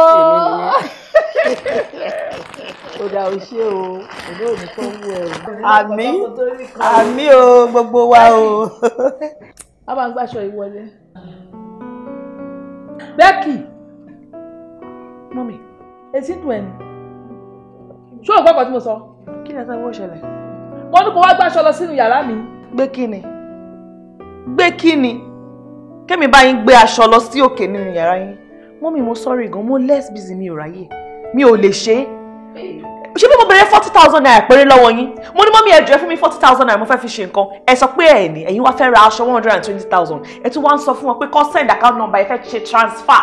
kódà ò ṣe o òde òní kan wú ẹ o. àmì àmì o gbogbo wa o. a máa ń gbàṣọ ìwọlé. Becky mọ́mí èsì dùn ẹ̀mí ṣé o gbọ́kàn tí mo sọ. kí ni ẹ sọ pé ó ṣẹlẹ̀. mo ní kó wá gbàṣọ lọ sínú yàrá mi. gbé kí ni gbé kí ni kémi bá yín gbé aṣọ lọ sí òkè nínú yàrá yín mọ́mì mo sorry gan mo less busy mi ò ráyè mi ò lè ṣe é ṣé bí mo bèrè forty thousand naira péré lọ́wọ́ yín mo ní mọ́mí ẹ̀jọ̀ ẹ fún mi forty thousand naira mo fẹ́ fi ṣe nǹkan ẹ sọ pé ẹ̀ ní ẹ̀yin wá fẹ́ ra aṣọ one hundred and twenty thousand ẹ tún wá ń sọ fún wọn pé kọ́ send account number ẹ fẹ́ ṣe transfer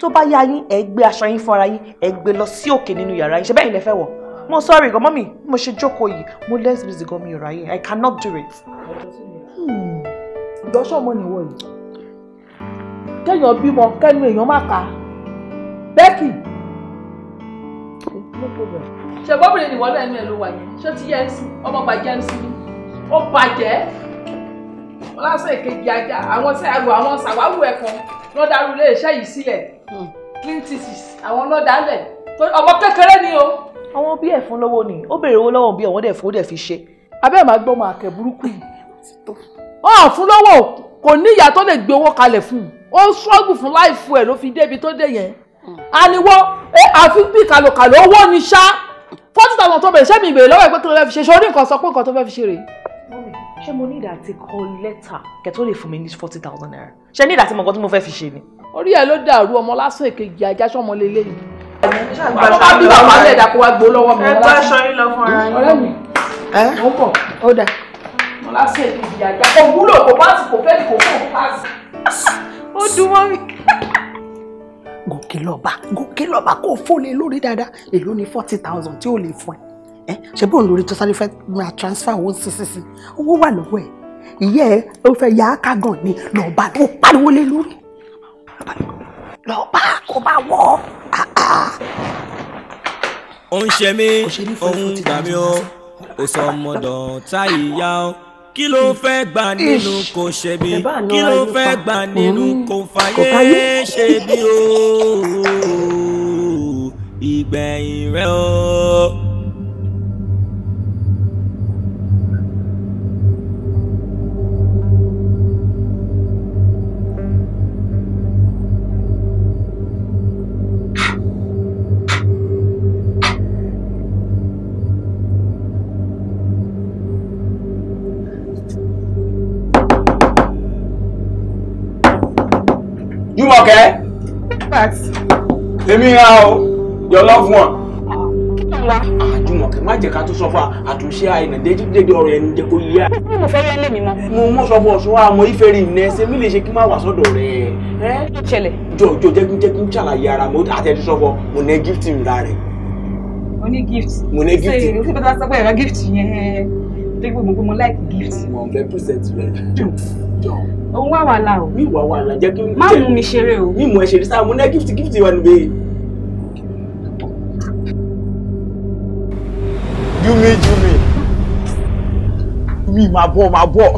tó bá yá yín ẹ gbé aṣọ yín fúnra yín ẹ gbé lọ sí òkè nínú yàrá yín ṣe bẹ́ẹ̀ ni ẹ fẹ́ wọ̀ mo sorry gan mọ́mì mo ṣe jókòó yìí mo less busy gan mi ò ráyè i cannot do it. Hmm. ìdọ́ṣọ́ ọmọ nìwọ yìí kéèyàn bímọ kẹ́nu èèyàn má kà á bẹ́ẹ̀kì. ṣe bọ́bìnrin nìwọ náà ẹnu ẹ̀ ló wà yìí ṣé ti yẹ ẹ́ sí ọmọ bàjẹ́ ń sí ó bàjẹ́ lásán èkejì ajá àwọn sẹ́yàgò àwọn sàwáwù ẹ̀kan lọ́ọ́ darú ilé iṣẹ́ yìí sílẹ̀ Hmm. clean thesis àwọn ọlọ́dà lẹ̀ ọmọ kékeré ni o. àwọn bí ẹ̀fún lọ́wọ́ ni ó béèrè owó lọ́wọ́ bí ọ̀wọ́n dẹ̀ fún ó dẹ̀ fi ṣe abẹ́ màá gbọ́ ọmọ àkẹ́ burúkú yìí. ọ̀ fún lọ́wọ́ kò ní ìyá tó lè gbé owó kalẹ̀ fún un ó ṣọ́ọ̀gù fún láìfu ẹ̀ ló fi débi tó dé yẹn. àníwọ́ hmm. àfi bí kàlòkàlò owó ni ṣá fọ́tí tàwọn tó bẹ̀rẹ̀ sẹ́mi ìbèrè lọ́wọ́ ẹ̀ pé kí ló fẹ́ fi ṣe ṣe orí nǹkan sọ pé nǹkan tó fẹ́ fi ṣe rèé ṣé mo ní ìdá àti kọ lẹ́tà kẹ́tọ́ lè fún mi ní forty thousand naira ṣé ní ìdá àti mọ̀gán tí mo fẹ́ fi ṣe ni. orí ẹ ló dàrú ọmọ lásán èkejì ajásọ ọmọ lélẹ yìí. ọmọ bá bí bàbá lẹ̀ dàpọ̀ wá gbó lọ́wọ́ mi. ẹ gbọ́ aṣọ yín lọ fún ara yín. ọ̀rẹ́ mi ó bọ̀ ó dà. ọmọ lásán èkejì ajásọ wúlò kò bá ti kò fẹ́ kò fún un pàṣẹ. ó dùn mọ́ mi gòkè lọ́ba gòkè lọ́ba kò fún lé lórí dáadáa èló ni forty thousand tí ò lè fún ẹ ẹ ṣe bóun lórí tó sáré fẹ́ máa transfer owó sí sí sí owó wà lọ́wọ́ ẹ̀ ìyá ẹ ó fẹ́ ya kágàn ni lọ́ọ́ bá ó pariwo lé lórí lọ́ọ́ bá kó bá wọ́ ah, ah. ó ń ṣe mí òun gbà mí o ó sọ ọmọdọ̀ tá ìyá o kí ló fẹ́ gbà nínú kò ṣe bí kí ló fẹ́ gbà nínú kò fàyè ṣe bí o ìgbẹ̀yìn rẹ o. fact. èmi ra your loved one. àdùmọ̀kẹ́ má jẹ́ ká tó sọ fún àtúnṣe àìnà déédéé ọ̀rọ̀ ẹni jẹ́ kó yá. mo fẹ́ rí ẹlẹ́mìí mọ́. mo mọ̀ sọ fún ọ̀ṣun àmọ́ ìfẹ́ rí ìnẹ́ ṣe mí lè ṣe kí má wà sọ́dọ̀ rẹ̀. kí ṣẹlẹ̀. jọ jọ jẹ́ kí n jẹ́ kí n ṣàlàyé ara mo àtẹ̀jú sọ fún mo ní gift ńlá rẹ̀. mo ní gift. mo ní gift. ṣe ìrètí bàtà sọ pé ẹ̀rọ gift yẹn dé gbogbo mo like gift. mo fẹ́ present rẹ̀ jọ òun wà wàhálà o. mi wà wàhálà jẹ́ kí n. má mú mi ṣeré o. mi mú ẹ ṣeré sáà mo ná gift gift wà níbẹ̀. jumi jumi mi máa bọ̀ máa bọ̀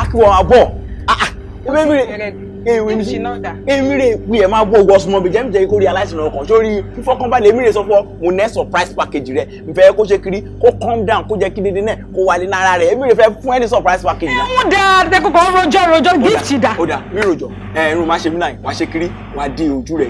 akíwọ̀ máa bọ̀ ah ah emire pé ẹ máa bọ̀ wọ́ọ̀sì mọ́ bí jẹ́mi jẹ́ kó rí aláìsàn ọkàn sórí fífọkànbalẹ̀ emire sọ fún ọ mo ní surprise package rẹ nfẹ́ kó ṣe kiri kó calm down kó jẹ́ kí dédé náà kó wálé nára rẹ emire fẹ́ fún ẹ ní surprise package rẹ. ó dáa dẹ́kọ̀kọ̀ rojọ́ rojọ́ gift dà. ó dáa mi rojọ́ ẹ irun máa ṣe mí náà wàá ṣe kiri wàá di ojú rẹ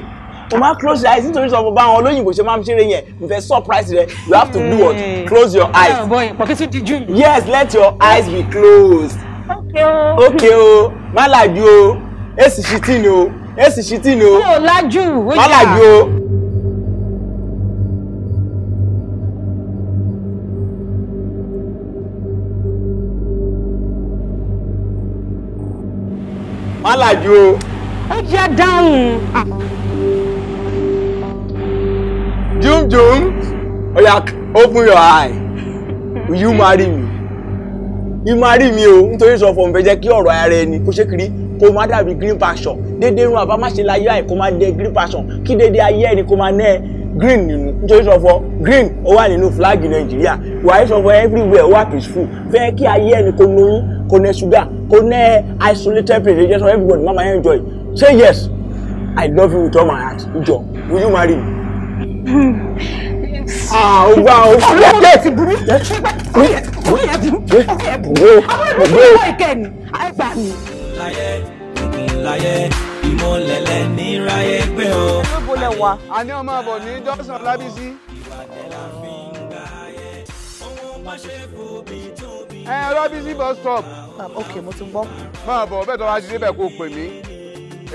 o máa close your eyes nítorí sọ fún báwọn olóyìnbó ṣe máa ń ṣeré yẹn n fẹ́ surprise rẹ you have to do what hmm. close your eyes. Oh yes let your eyes be closed. okay o okay, má làjú o èsì ṣì tì ní o èsì ṣì tì ní o. ó lajú ó jà má o. má o. ó jẹ́ dáhùn. Ah. jumjum oya open your eye will you marry me you marry me o nítorí sọ fún mi fẹ́ jẹ́ kí ọ̀rọ̀ ara ẹni kó ṣe kiri kó má dàbí green passion dédé irun àbá má ṣe láyé àì kó má dé green passion kí dédé ayé ẹni kó má ná green nínú nítorí ṣọ̀fọ̀ green ó wà nínú flag nàìjíríà wàá ṣọ̀fọ̀ everywhere ó wà peaceful fẹ́ kí ayé ẹni kó lóyún kó ná sugar kó ná isolated place jẹ́ sọ everybody má enjoy say yes i love you with all my heart jọ will you marry me. Ah, wow. Ọlọ́run ẹ̀ ti burú. Ọlọ́run ẹ̀ ti burú. Ọlọ́run ẹ̀ ti burú. Àwọn ẹ̀bùn tó wọ̀ ìkẹ́ni, àìgbà mi láyé òkun láyé ìmọ̀lẹ̀lẹ̀ ní ráyé pé o. níbo lẹ wà. a ní ọmọ àbọ̀ ní Johnson Lábísí. ìwádìí ẹ Lábísí bus stop. Ah, ok mo ti gbọ́. máa bọ̀ bẹ́ẹ̀ tó wá ti débẹ̀ kó o pè mí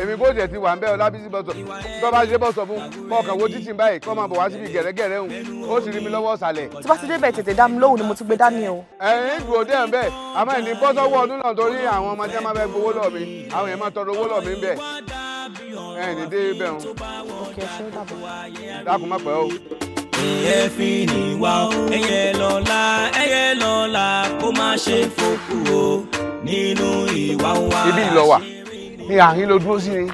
èmi bó jẹ ti wà ń bẹ Ọlábísí bọ́sọ̀ tó bá ṣe bọ́sọ̀ fún kọkàn wo títì báyìí kọ́ máa bọ̀ wá síbi gẹ̀rẹ́gẹ̀rẹ́ òun ó sì rí mi lọ́wọ́ ṣàlẹ̀. tí bá ti débẹ̀ tètè dá mi lóhùn ni mo ti gbé dání o. ẹ̀yin ìdùn òde ẹ̀ ń bẹ̀ àmọ́ ìní bọ́sọ̀wọ́ ọdún náà torí àwọn ọmọdé máa fẹ́ gbowó lọ́ọ̀ mi àwọn èèyàn máa tọrọ owó lọ́ọ̀ mi ń bẹ̀ ẹ̀yìn ní dé bẹ̀ òun. dákun má pẹ́ o. ẹyẹ fi ní wa o ẹyẹ lọ́la ẹyẹ lọ́la kó má ṣe fòkù o nínú ìwà wa. ibi ìlọ wà ni àhín ló dúró sí ni.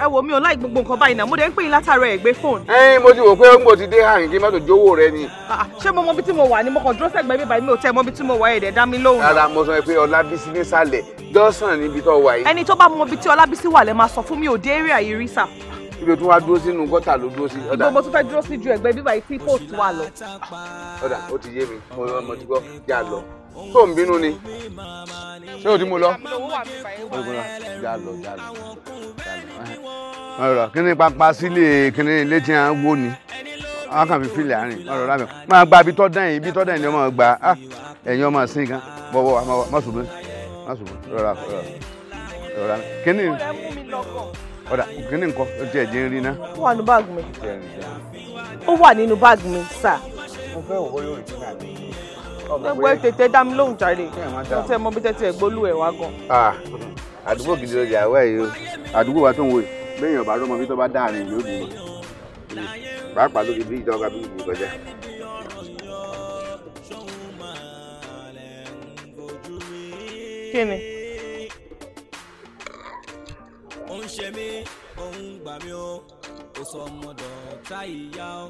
ẹ wo mi ò láì gbogbo nǹkan báyìí náà mo dé ń pè yín látara ẹ gbé fóònù. ẹyin eh, mo ti wò pé ó ń bò ti dé àhín kí mọ́tò jówó rẹ ni. Ah, ah, ṣé mo mọ ibi tí mo wà ni mo kàn dúró sẹ́gbẹ̀ẹ́ bíbá mi ò tẹ́ mọ ibi tí mo wà ẹ̀ dẹ̀ dá mi lóhùn. rárá mo sọ pé ọlábísí nísàlẹ̀ jọ́sàn níbi tó wà yìí. ẹni tó bá mọ ibi tí ọlábísí wà lẹ máa sọ fún mi ò dé eré àyè rí sà ibi tí wọ́n á dúró sínú gọ́tà ló dúró sí. ibo mo tún fẹ́ dúró sí ju ẹgbẹ́ bíbá yìí tí post wà lọ. ọ̀dà ó ti yé mi mo ti gbọ́ yà lọ tó ń bínú ni ṣé o ti mú lọ. já lọ já lọ ọ̀rọ̀ kí ni pápá sílé kí ni ilé tí wọ́n wó ni wọ́n kàn fi fílẹ̀ àárín ọ̀rọ̀ rábẹ̀ máa gba ibi tọ́ dán yìí ibi tọ́ dán yìí ni wọ́n gba ah, ẹ̀yin ọmọ sí gan bọ̀wọ̀ mọ̀sùnmí mọ̀sùnmí rọra rọra kí ni ọ̀dà kí ni nǹkan ó tiẹ̀ jẹ́ rí ná. ó wà nínú báàgì mi ó wà nínú báàgì mi sà. mo fẹ́ wọ yóò rí náà ẹgbẹ́ tètè dá mi lóhùn jáde ó tẹ mọ bí tẹ́tí ẹ̀ gbólú ẹ̀ wá gan. àdúgbò gidi ló yà wá yìí o àdúgbò wa tó ń wò yìí lẹ́yìn ọ̀bà rọ́mọ bí tó bá dáàrin yóò dùn ún pàápàá lórí bí ìjọba bí ìlú kọjá. kí ni. ó ń ṣe mí òun gbà mí ó kò sọ ọmọdọ̀ tá ìyá ó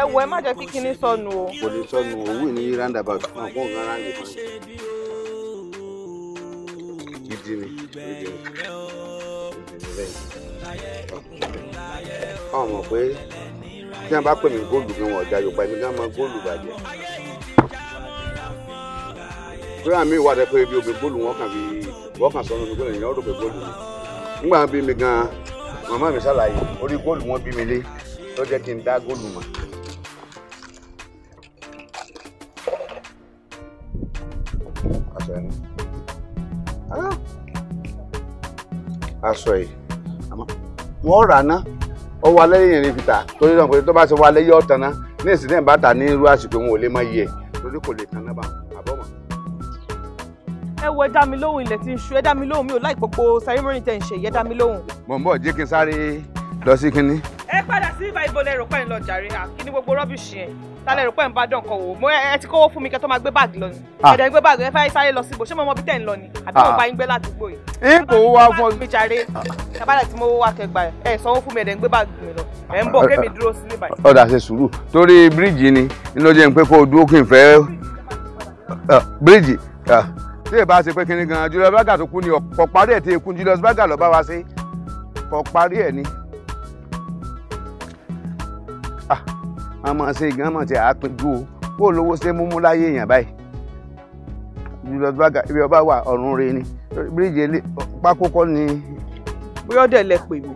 ẹ wọ ẹ má jẹ́ kí kinní sọnù o. kò lè sọnù owó ní roundabout fún ọgbọ́n kan roundabout. gidi ni gidi ni pé tí wọn bá pè mí góòlù gan wọn ọjà yorùbá èmi gan máa góòlù bàjẹ́ pé àmì ìwà rẹ pé ibi góòlù wọn kàn fi wọn kàn sọnù mi yẹn ó rò góòlù mi nígbà bí mi gan màmá mi ṣàlàyé orí góòlù wọn bí mi lé tó jẹ́ kí n dá góòlù mọ̀. aṣọ ẹni ah! aṣọ yìí wọ́n rà ná ọwọ́ alẹ́ yìí rìn fìtà torí náà pé tó bá ṣe wọ alẹ́ yìí ọ̀tàn ná ní ìsìn náà bá tà ní irú àsìkò wọn ò lè mọ iye torí kò lè tàn náà bá àbọ̀mọ̀. ẹ wo ẹ mi lóhùn ilẹ̀ tí ń ṣú ẹ mi lóhùn mi ò láì pòpò sẹ́rímọ́nì tẹ̀ ń ṣe yẹ mi lóhùn. mò ń bọ̀ jẹ́ kí n sáré lọ sí kínní ẹ padà sí ibà ibo lẹ́rù pẹ́ ń lọ jàre kí ni gbogbo rọ́bìṣì yẹn ta lẹ́rù pẹ́ ń bá dán kan wò mo ẹ ti kówó fún mi kẹ́ tó máa gbé báàgì lọ ni ẹ̀dẹ̀ gbé báàgì ẹ fẹ́ sáré lọ síbò ṣé mo mọ bí tẹ̀ ń lọ ni àbí mo bá yín gbé ládùúgbò yìí. ń kò wá fọ mi jàre tabadà tí mo wá kẹgbà ẹ sanwó fún mi ẹ̀dẹ̀ gbé báàgì mi lọ ẹ̀ ń bọ̀ kémi dúró sí níbàyí. ọ̀dà ṣe sùúrù torí bíríìjì ni iná jẹ́ pé kó o dúró kí n fẹ́ bíríìjì tí ì bá ṣe pé kinní gan-an Julius Berger tó kú ni ọ̀pọ̀ parí ẹ̀ tí ekun Julius Berger lọ́ bá wa ṣe ọ̀pọ̀ parí ẹ̀ ni. Ah, àmọ́ ṣe ìgbìmọ̀ tí a pin ju o kó lówó ṣe múmú láyé èèyàn báyìí jùlọ tó bá ga ibi ọba wà ọ̀run re ni bíríìjì pákókọ́ ni. bóyá ọdẹ lẹ pè mí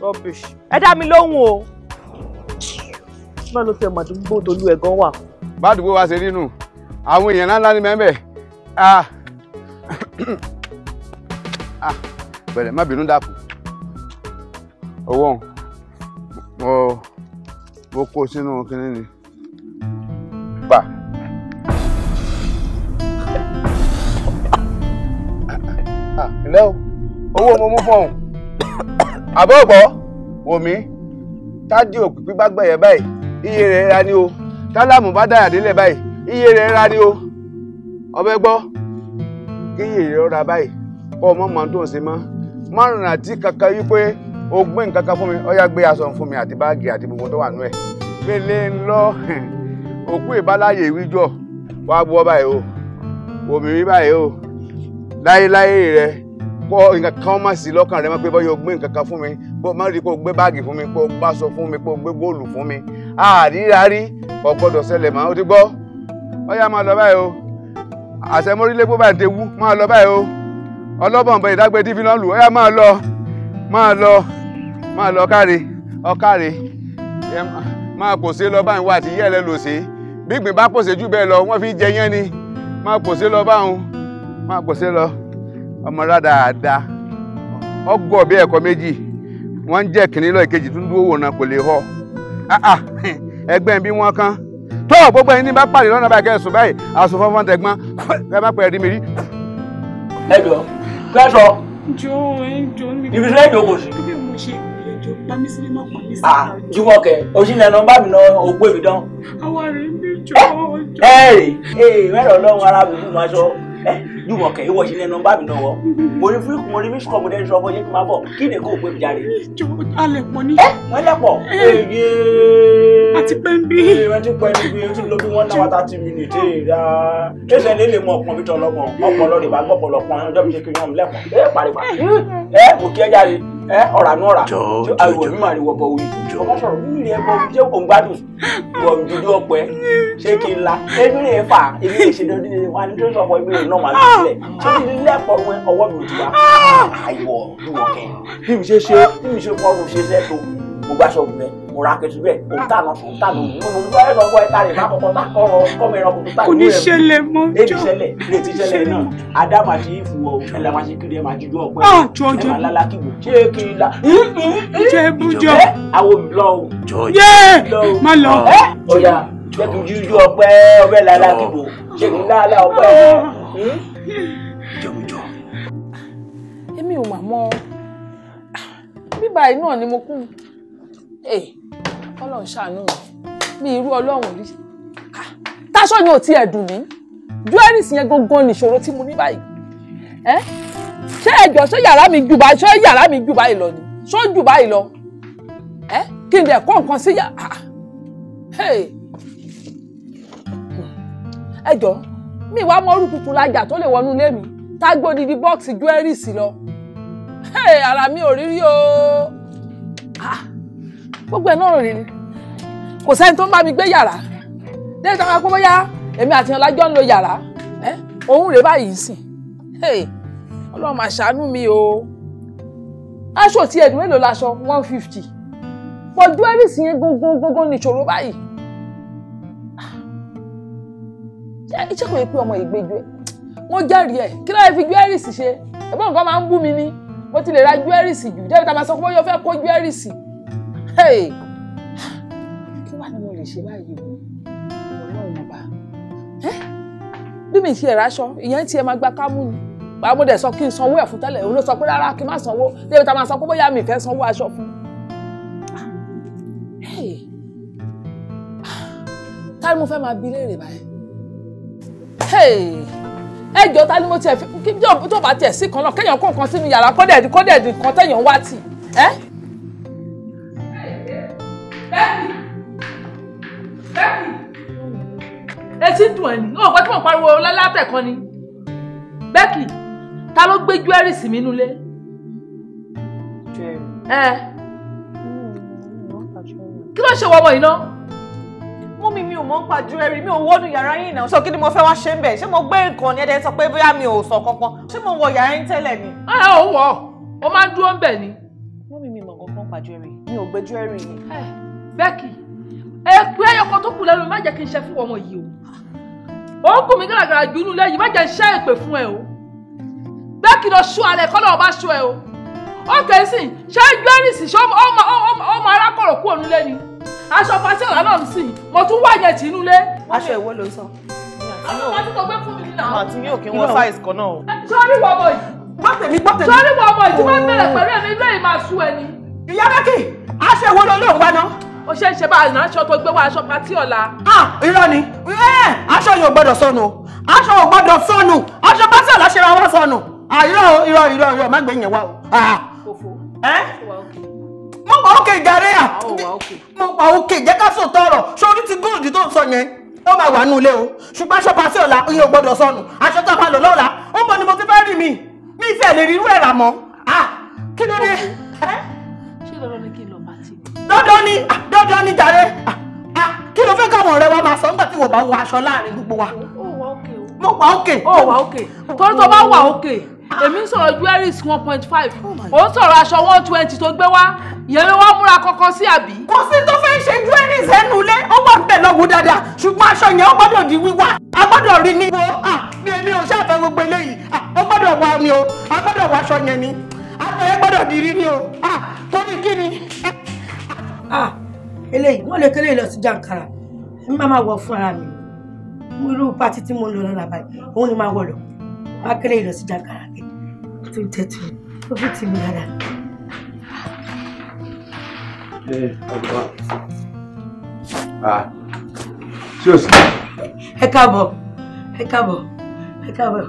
rubbish ẹ dá mi lóhùn o náà ló ti ẹ̀mọ̀ àdúgbò tolú ẹ̀ gan wà. bádùúgbò wa ṣe nínú àwọn èèyàn ńláńlá ní mẹ́mẹ́ bẹ̀rẹ̀ má bínú dàpọ̀ owó mo. mo kó sínú kínní ni ah, owó mo mú fọ́ọ̀hún àbọ̀ ọ̀gbọ́ wò mí tádì òpìpí bá gbẹ̀yẹ̀ báyìí iye rẹ̀ ra ni o tálámù bá dáyà délẹ̀ báyìí iye rẹ̀ ra ni o ọbẹ̀ gbọ́ kí iye rẹ̀ ra báyìí kọ́ ọ mọ́ màá tó ń ṣe mọ́ márùn-ún àti kankan yí pé o gbé nǹkan kan fún mi ọyá gbé aṣọ fún mi àti báàgì àti gbogbo tó wà nú ẹ pélé ńlọ òkú ìbáláyè wíjọ wá gbọ́ báyìí o omi rí báyìí o láyéláyé rẹ kọ nǹkan kan má sí lọ́kàn rẹ mọ́ pé bọ́yá o gbé nǹkan kan fún mi bó má rí i kó o gbé báàgì fún mi kó o gbé aṣọ fún mi kó o gbé góòlù fún mi àrírarí kò gbọ́dọ̀ mọ́ o ti gbọ́ ọyá máa lọ báyìí o àṣẹmórílégbó báyìí ti wú máa lọ báyìí o ọlọ́bọ̀nbọ̀n ìdágbé dífínà lù ọyá máa lọ máa lọ máa lọ káre ọkáre máa pòṣe lọ báyìí wà tí yẹ́lẹ̀ lò ṣe bí ìgbín bá pòṣe jù bẹ́ẹ̀ lọ wọ́n fi jẹ yẹn ni máa pòṣe lọ báwọn máa pòṣe lọ ọmọ rádaràda ọgọ́ bí ẹ̀kọ́ méjì wọ́n ń jẹ́ kìnní lọ ìkejì tó ń dúró wò náà kò lè họ ah, ah, ẹgbẹ́ bí wọ́n kán tó gbogbo ẹni bá pàdé lọ́nà báyìí kẹ́sùn báyìí àsùn fọ́nfọ́n tẹ̀gbọ́n ẹ má pẹ̀lú mi rí. ẹ jọ kẹsàn-án ìbísẹ́ ìjókòó sí pàmí sílé má pàmí sílé. ah Jùmọ̀kẹ́ òṣìlẹ̀ náà bá mi lọ ògbó mi dán. àwa rè ń bí jọ ọjọ́. ẹ rè é mẹ́rọ̀ lọ́wọ́ ara mi fún wa sọ eh, Jùmọ̀kẹ́ ìwọ ìṣìlẹ̀ náà bá mi lọ́wọ́ mo rí fún mo rí mí sọ̀rọ̀ mo dẹ́ sọ fún yín kí n máa bọ̀ kí ni kò gbé mi jáde. ìjọ alẹ̀ pọ̀ ní. ẹ wọ́n lẹ̀ pọ̀. àti eh. eh, pẹ́ ń bí. ìrántí pẹ́ ń bí ojú ló bí wọ́n náwó thirty minutes èèrà. ẹsẹ̀ ní lè mọ ọ̀pọ̀ mi tọ̀ lọ́pọ̀ ọ̀pọ̀ lọ́ọ̀dẹ̀ bá gbọ́pọ̀ lọ́pọ̀ ọjọ́ mi ṣe kí n yàn mí lẹ́pọ̀ ẹ pariwo ẹ mo kí ẹ jáde ẹ ọ̀rà náà rà àwọ̀ mi máa rí wọ bọ̀wì ọmọ sọ̀rọ̀ mi rí ẹ bọ̀wì jẹ́ òǹgbádùn wọ̀n dúdú ọ̀pẹ ṣé kí n la ẹbí rẹ̀ fà èmi lè ṣe dandan ní wa ní tó sọ̀pọ̀ ẹbí rẹ̀ náà máa lọ sílẹ̀ tó ti ní lẹ́pọ̀ wọn ọwọ́ mi ò ti wá ah! àìwọ̀ bí wọ́n kẹ́ bí mi ṣe ṣe bí mi ṣe fọ́ọ̀rù ṣe sẹ́tò gbogbo aṣọ ògùn rẹ̀ mo ra kẹtù bẹ́ẹ̀ o ta lọ sùn ta lọ mo mo gbọ́ ẹ̀sọ́ gbọ́ ẹ̀ta rẹ̀ má kọ́kọ́ tá kọ́rọ̀ kọ́mọ ẹ̀rọ kòtò tá ìlú rẹ̀ kò ní ṣẹlẹ̀ mọ́ jọ èdè ṣẹlẹ̀ ìrètí ṣẹlẹ̀ náà adamu àti ifu o ẹ la máa ṣe kiri ẹ máa jíjú ọgbẹ́ ah, ẹ máa lálá kíbo ṣé kiri la jẹ bújọ àwọn mi lọ o yé má lọ ọya jẹ kí jíjú ọgbẹ́ ọbẹ̀ lálá kíbo ṣé kí lálá èmi ò mà mọ ah, bíbá inú ọ̀ ni mo kú. Eh, Ọlọ́run ṣàánú mi irú Ọlọ́run rí ah, táṣọ yẹn ò ti ẹ̀dùn mí jewelries yẹn gangan nìṣòro tí mo ní báyìí ẹ ṣé ẹjọ ṣé yàrá mi jù báyìí ṣé yàrá mi jù báyìí lọ ni ṣó jù báyìí lọ ẹ kí n dẹ kó nǹkan sí yàrá ah, hmm. ẹjọ mi wá mọ́rú tuntun lájà tó lè wọnú ilé mi tá a gbóni di bọ́ọ̀sì jewelries lọ ara mi ò rírí o. Ah gbogbo ẹ̀ náà rèé kò sẹ́ni tó ń bá mi gbé yàrá déyìí tó ń bá pé bóyá èmi àti ọlájọ́ ń lo yàrá òun rèé báyìí sìn ọlọ́run máa ṣàánú mi o aṣọ tí ẹ̀dùn mélòó laṣọ one fifty pọ̀jù ẹ́rìsì yẹn gbọ́ngbọ́n gbọ́ngbọ́n ní ìṣòro báyìí iṣẹ́ kò yẹ pé ọmọ ìgbẹ́jọ́ ẹ̀ mo jẹ́rìí ẹ̀ kí láyé fi jewelries ṣe ẹ̀gbọ́n nǹkan máa ń bú mi ni mo ti lè ra jewelries jù jẹ́bi tá a máa sọ pé yóò fẹ́ kó jewelries kí wàá ni mo lè ṣe báyìí o ọlọ́run ọba eh? bí mi ti ẹ̀rọ aṣọ ìyẹn ti ẹ̀ máa gba kámú ni báwo mo dẹ̀ sọ kí n sanwó ẹ̀ fún tẹ́lẹ̀ òun ló sọ pé rárá kí n má sanwó débi tá a máa sọ pé bóyá mi fẹ́ sanwó aṣọ fún ta ni mo fẹ́ máa bi léèrè báyìí ẹ jọ ta ni mo tiẹ̀ fi kí tó bá tiẹ̀ sí kan náà kéèyàn kó nǹkan sínú yàrá kó dẹ̀ kó dẹ̀ nǹkan téèyàn wá tì ẹ́. Eh? Bẹ́ẹ̀ni. Bẹ́ẹ̀ni. Etí dùn ẹ̀ ní. Ọ̀pọ̀ tí mo pariwo lálátẹ̀kọ́ ni. Bẹ́ẹ̀kì, ta ló gbé jewelry sí mi nulẹ̀? Ẹ. Kí ló ṣe wọ́wọ́ iná? Mummy mi ò mọ̀ ń pa jewelry mi ò wọ́nu yàrá yín náà. Sọ kí ni mo fẹ́ wá ṣe ń bẹ̀? Ṣé mo gbé nǹkan ni ẹ̀dẹ̀ sọ pé bóyá mi ò sọ kankan? Ṣé mo wọ yàrá yín tẹ́lẹ̀ ni? Ẹ ò wọ̀, ó máa ń dúró ń bẹ̀ ni. Mummy mi mọ̀ nǹkan pa jewelry, mi ò gbé jewelry ni. Becky èpè ẹyọkọ tó kù lẹ́nu má jẹ́ kí n ṣe fún ọmọ yìí o òun kù mí gàràgàrà jù inú lẹ́yìn má jẹ́ n ṣe èpè fún ẹ o Becky lọ ṣú alẹ́ kọ́ náà ọba ṣú ẹ o ó kẹ́ sí ṣé jẹ́rìsì ṣé ọmọ ọmọ arákọ̀rọ̀ kú òun lẹ́ni aṣọ pàṣẹ ọ̀la náà sì mo tún wà yẹn tì inú lé. aṣọ ìwọ ló sàn. àwọn ọmọ tí tó gbé fún mi nínú àwọn. àti mi ò kí wọ́n o. sọ́ọ́rí wọ ọmọ yìí. pọ́tẹ̀mí pọ́tẹ̀mí. sọ́ọ́rí wọ ọmọ yìí tí wọ́n bẹ̀rẹ̀ oh. pẹ̀lú ẹ̀mí lóye máa sú ẹni. ìyá Bẹ́kì aṣọ ìwọ ló lóun wá náà o ṣe ń ṣe báyìí náà aṣọ tó gbé wá aṣọ patí ọ̀la. a irọ́ ni aṣọ yóò gbọ́dọ̀ sọnù aṣọ ò gbọ́dọ̀ sọnù aṣọ patí ọ̀la ṣe máa wọ́n sọnù irọ́ irọ́ irọ́ irọ́ má gbé yẹn wá o. mo pa òkè ìjàre à mo pa òkè jẹ́ ká sọ tọrọ sórí ti góòdù tó ń sọ yẹn ó máa wà nù ilé o ṣùgbọ́n aṣọ patí ọ̀la iye ò gbọ́dọ̀ sọnù aṣọ tó bá lò lọ́la ó mọ ni mo ti fẹ́ rí mi mi ìfẹ́ lè rí irú ẹ̀ rà mọ́ kí ló dé. ṣé lọ́rọ́ ni kí n lọ dandan ni ah, dandan ni jàre ah, ah, kí ló fẹ́ káwọn ọ̀rẹ́ wa máa sọ nígbà tí wọ́n bá wọ aṣọ láàrin gbogbo wa. mo wà òkè. ó wà òkè torí tó bá wà òkè èmi ń sọ̀rọ̀ jewelries one point five oh ó ń sọ̀rọ̀ aṣọ one twenty tó gbé wá ìyẹn ló wá múra kankan sí àbí. kò sí tó fẹ́ ṣe jewelries ẹnu ilé ó wà ń bẹ̀ lọ́wọ́ dáadáa ṣùgbọ́n aṣọ yẹn ó gbọ́dọ̀ di wíwá a gbọ́dọ̀ rí ni. wo mi èmi ò ṣàfẹ́ gbogbo eléyìí ó gbọ́dọ̀ wá mi o a gbọ́dọ̀ wá aṣọ yẹn ni aṣọ yẹn gbọ́dọ̀ di rí ni o torí kí ni ah eléyìí wọ́n lè kélé lọ sí jàǹkàrà ń má máa wọ fún ara mi irú pátí tí mo ń lọ lọ́la báyìí òun ni máa wọ̀ lọ wọ́n á kélé lọ sí jàǹkàrà kí tó jẹ́ tó tó fi tì mí dáadáa. ṣé o sì. ẹ káàbọ̀ ẹ káàbọ̀ ẹ káàbọ̀.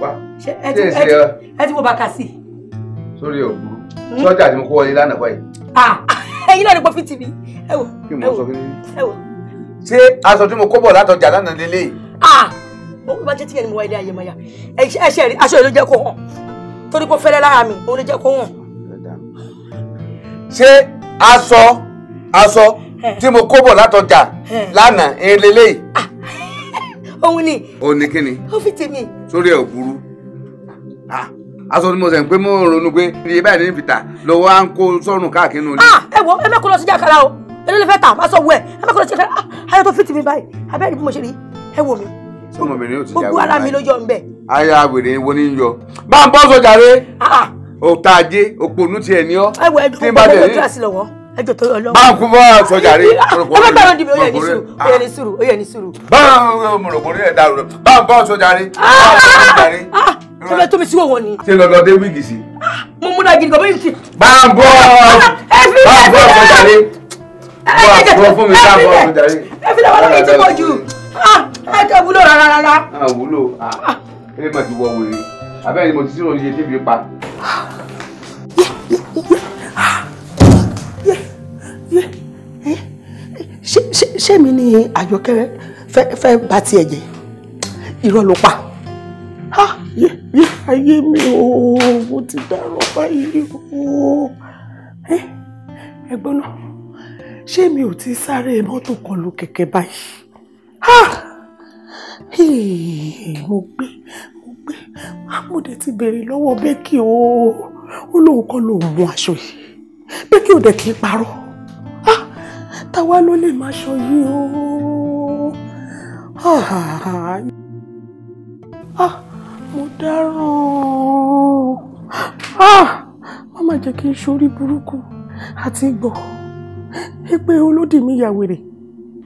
wá ṣe ẹ ti ẹ bàkà sí. sórí òkú sọ́jà tí mo kó wọlé lánàá báyìí. Ah, ẹyin náà ni pọ́fí tì mí. ẹ wò ẹ wò. ṣé aṣọ tí mo kó bọ̀ látọjà lánàá lélẹ̀. òun ah, bá jẹ́ tíyẹ̀ ni mo wá ilé ayé maya ẹṣẹ́ rí aṣọ yìí ló jẹ́ kó hàn torí kó fẹ́lẹ́ lára mi òun ló jẹ́ kó hàn. ṣé aṣọ aṣọ tí mo kó bọ̀ látọjà lánàá lélẹ̀. Ah, òun ni. òun ni kí ni. ó fi tèmi. sórí ẹ̀ ò burú aṣọ ni mo sẹ̀ ń pé mo ronú pé iye báyìí ní fìtà lọ́wọ́ à ń kó sọ́run káàkiri nù. Ah, ẹ wo ẹ mẹ́kọ̀ọ́ lọ sí o èlé lè fẹ́ tà aṣọ ẹ mẹ́kọ̀ọ́ lọ sí jàkàrà ah, tó fìtì mi báyìí abẹ́rẹ́ bí mo ṣe rí ẹ wò mí. gbogbo ara mi ló yọ ń bẹ̀. ayé àwèrè wo ni ń yọ bá ń bọ́ sọjà rẹ ah, òtàjé òpònú tiẹ̀ ní ọ́ tí n bá tẹ̀lé ẹjọ tó yọ bá a kú bá sọjà rí. ọmọ gbàgbọ́ di mi oyè ní sùúrù oyè ní sùúrù oyè ní sùúrù. bá a mọ̀rọ̀kùnrin ẹ̀ dàrú bá a bá a sọjà rí. bá a bá a sọjà rí ṣe fẹ́ tó mi síwò wọn ni. ṣé lọ́dọ̀ dé wíìgì sí. mo múra gidi kan bóyá ti. báńbọ̀ báńbọ̀ ọ̀fọ̀jáde bọ̀ àbúrò fún mi báńbọ̀ ọ̀fọ̀jáde. ẹ fi lọ́wọ́ lórí ti pọ̀ jù ẹ tẹ wúlò rárá rárá. wúlò ẹ má ti wọ wèrè abẹ́rẹ́ ni mo ti sírò iye débi pa. ṣé mi ni àjọkẹ́rẹ́ fẹ́ bá tiẹ̀ jẹ́ irọ́ ló pa. Ah! yé yé ayé mi ooo mo ti dárò báyìí ooo ẹ̀gbọ́n náà ṣé mi ò ti sáré mọ́tò kọlù kẹ̀kẹ́ báyìí mo gbé mo gbé mahmood ti béèrè lọ́wọ́ bẹ́ẹ̀kì ooo ó lóun kọ́ lóun mú aṣọ yìí bẹ́ẹ̀kì ò dẹ̀ kí n parọ́ táwa ló lè máa ṣọ yìí ooo. Ah mo dáràn ah! má má jẹ́ kí n ṣorí burúkú àti gbọ̀ ẹ pé olódì mi yà wèrè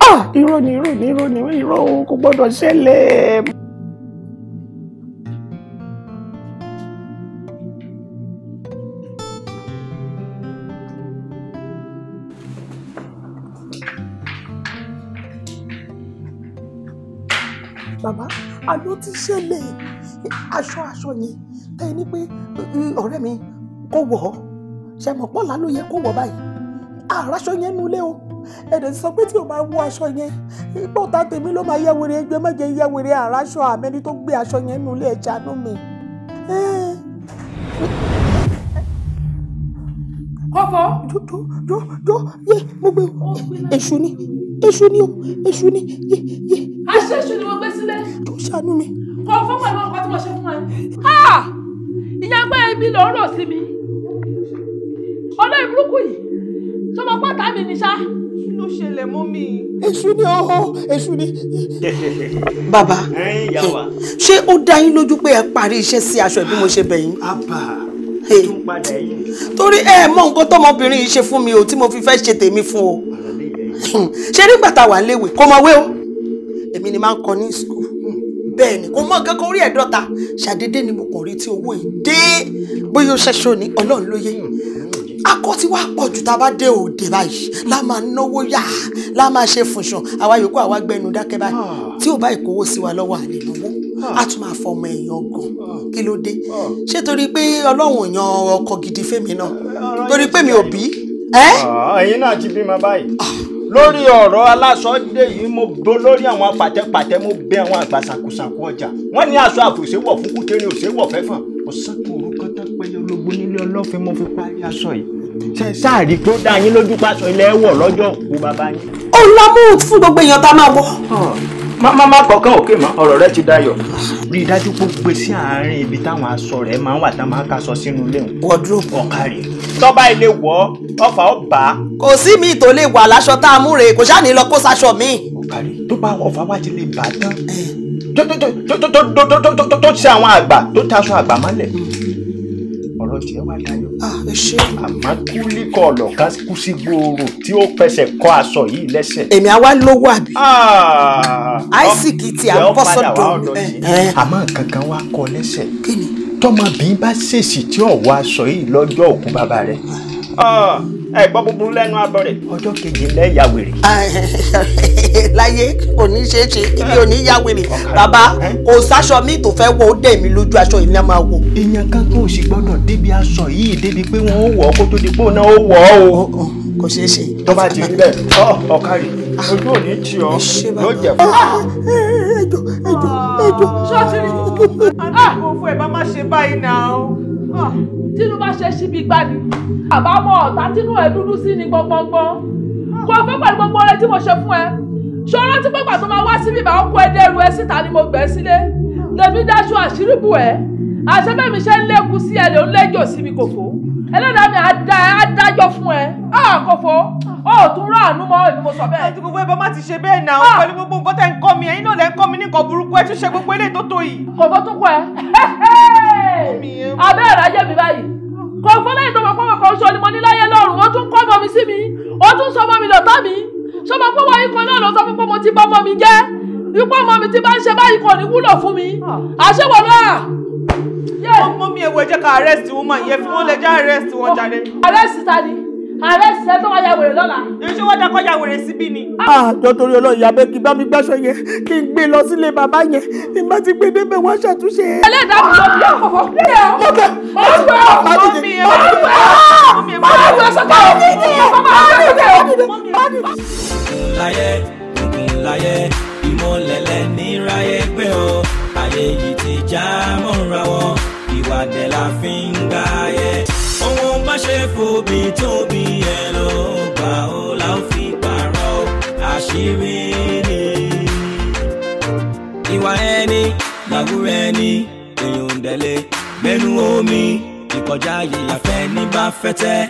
ah! irọ́ ni irọ́ ni irọ́ ni irọ́ o kò gbọ́dọ̀ ṣẹlẹ̀. Baba àló ti ṣẹlẹ̀ aṣọ aṣọ yẹn tẹ́ ẹ ní pé ọ̀rẹ́ mi kò wọ̀ ọ́ ṣe mọ̀ pọ́lá ló yẹ kó wọ̀ báyìí àràṣọ yẹn nulẹ̀ o ẹ̀dẹ̀ sọ pé tí o máa wọ aṣọ yẹn pọ́ta tèmi ló máa yá wèrè ẹgbẹ́ mẹ́jẹ yá wèrè àràṣọ àmẹ́ni tó gbé aṣọ yẹn nulẹ̀ ẹ̀ ṣàánú Hey. kọ́fọ́. jọjọ jọ jọ Ye, mo gbé o èṣù ni èṣù ni o èṣù ni ye. yé. aṣọ èṣù ni mo gbé sílẹ̀. tó ṣàánú mi. kọ́fọ́ pẹ̀lú ọkọ tí mo ṣe fún ẹ. ìyá pé ibi ló ń rò sí mi olóyè burúkú yìí tó mọ pátá mi ní sá. kí ló ṣẹlẹ̀ mọ́ mi. èṣù ni o, èṣù ni. bàbá ṣé ó dá yín lójú pé ẹ parí iṣẹ́ sí aṣọ bí mo ṣe bẹ̀ yín. àbá torí ẹ mọ nǹkan tọmọbìnrin yìí ṣe fún mi o tí mo fi fẹ́ ṣe tèmi fún o ṣe nígbà tá a wà léwe kó mọ wé o èmi ni máa ń kọ ní school bẹ́ẹ̀ ni kò mọ nǹkan kan orí ẹ̀ dọ́ta ṣàdédé ni mo kàn rí tí owó yìí dé bóyá ó ṣẹ́ṣọ́ ni ọlọ́run ló akọ́ ti wá pọ̀ jù tá a bá dé òde báyìí la máa náwó yá la máa ṣe fùnṣàn àwa yòókù àwa gbẹnu dákẹ́ báyìí ah. tí ò bá ìkówó sí wa lọ́wọ́ àlè lọ́wọ́ ah. a tún máa fọmọ ẹ̀yìn ọgàn ah. kí ló dé ṣé torí pé ọlọ́run ò yan ọkọ gidi fẹ́mi náà torí pé mi ò bí. ẹ̀yin náà ti bímọ báyìí lórí ọ̀rọ̀ aláṣọdé yìí mo do lórí àwọn pàtẹ́pàtẹ́ mo bẹ àwọn àgbà ṣàkóṣàkó ọjà wọ́n ní aṣọ àbòṣe wọ̀ fún òṣèwọ̀ fẹ́fọ̀n ọ̀sán kúrú kan pẹ́yẹ ológbó nílé ọlọ́fin mo fi parí aṣọ yìí sáàrí tó dá yín lójú pàṣọ ilé ẹ̀wọ̀ lọ́jọ́ òkú bàbá yín. òun fún gbogbo èèyàn tá a máa wọ. má má kọ̀ọ̀kan òkè mọ́ ọ̀rọ̀ rẹ ti dayọ̀. rí i dájú pé gbé sí àárín ibi táwọn aṣọ rẹ máa ń wà tá a máa ń kaṣọ sínú ilé òun. wọ́dúrò ọ̀kàrì. tọ́ba ilé wọ̀ ọfà ó bà á. kò sí mi tó lè wà láṣọ tá a mú rè kò sáà ní lọ kó saṣọ mi. ọ̀kàrì tó bá ọfà wá ọ̀rọ̀ tiẹ̀ wà láyọ̀. ẹ ṣe. àmákúlíkọ̀ ọ̀lọ́ká kú sí gbòòrò tí ó pẹsẹ̀ kọ́ aṣọ yìí lẹ́sẹ̀. èmi àwa lówó àbí. Ah! isaac ti àkọsọdọ àmọ́ nǹkan wá kọ lẹ́sẹ̀. kí ni. tọmọbìnrin bá ṣèṣì tí ọ̀wọ́ aṣọ yìí lọ́jọ́ òkú bàbá rẹ̀. Ah. Ah! ẹ gbọ́ búburú lẹ́nu abọ́ rẹ̀ ọjọ́ kejì lẹ́ ya wèrè. láyé kò ní ṣeé ṣe ibi ò ní ya wèrè bàbá kò sáṣọ mi tó fẹ́ wọ ó dẹ̀ mí lójú aṣọ yìí náà máa wọ. èèyàn kankan ò sì gbọ́dọ̀ débi aṣọ yìí débi pé wọ́n ó wọ̀ ọ́ kó tó di pé òun náà ó wọ̀ ọ́ o. kò ṣeé ṣe. tó bá ti rí bẹ́ẹ̀ ọ ọ̀kárì ojú ò ní tì ọ́ yóò jẹ̀ fún ẹjọ́ ẹjọ́ ẹjọ́. ṣọ́ọ̀ṣì ni mo fún ẹ bá má ṣe báyìí náà. Ah, tínú bá ṣe ṣíbi gbani àbámọ̀ ọ̀tá tínú ẹ̀ dúdú sí ni gbọ̀ngbọ̀ngbọ̀n kò fẹ́ pẹ̀lú gbogbo ọrẹ tí mo ṣe fún ẹ ṣọlá tí pẹ́pà tó máa wá síbi ìbá ọkọ ẹdẹrù ẹ síta ni mo gbẹ sílé lèmi dáṣọ àṣírí bù ẹ àṣẹ bẹ́ẹ̀ mi ṣe ń lékun sí ẹ lè ń lẹ́jọ́ síbi kòfó ẹlẹ́dàá mi adájọ́ fún ẹ àkọ́fọ́ ó tún ráàánú mọ́ ẹni mo sọ bẹ́ẹ̀. àti gbogbo ẹbọ má ti ṣe bẹ́ẹ̀ náà pẹ̀lú gbogbo nǹkan tẹ̀ ń kọ́ mi ẹ̀yin náà lẹ́ ń kọ́ mi ní nǹkan burúkú ẹ tún ṣe gbogbo eléyìí tó tó yìí. kòfó tó kọ ẹ abẹ́ ẹ̀rọ ayé mi báyìí kò fún lẹ́yìn tó mọ̀ pé ọkọ̀ oṣù onímọ̀ níláyé lọ́rùn ó tún kọ́ ọmọ mi sí mi ó tún sọ ọmọ mi lọ́tọ́ mi sọmọ pé wọ́n ikọ̀ náà ló sọ pé mo ti bọ́ ọmọ mi jẹ́ ipò ọmọ mi ti bá ń ṣe báyìí kò ní wúlò fún mi àṣewọ̀ náà. ọmọ mi èwo ẹ ká arrest woman yẹn fi wọ́n lẹ jẹ́ arrest wọn jàre. arrest ta ni ààrẹ ṣiṣẹ́ tó wáyà wèrè lọ́la. iṣẹ́ wọ́n dákọ́ ya wèrè síbí ni. àjọ ah. ah, torí ọlọ́run ìyá bẹ́ẹ̀ kí bá mi gbàṣọ yẹn kí n gbé lọ sílé bàbá yẹn kí bá ti gbé débẹ̀ wọ́n ṣàtúnṣe. ẹlẹ́dàá mi ló bí ọkọ̀ fúnlẹ̀ ọ́. ọ̀gbẹ́ ọ̀gbẹ́ ọ̀gbẹ́ ìwà dẹ̀ la fi ń gbáyé má ṣe fòbí tóbi ẹ lọ gbà ó la ó fi pààrọ̀ àṣírí ni. ìwà ẹni làwúrẹ́ ẹni èèyàn ń dẹ̀lé mẹ́nu omi ìkọjá yìí àfẹ́ ní bá fẹ́ tẹ́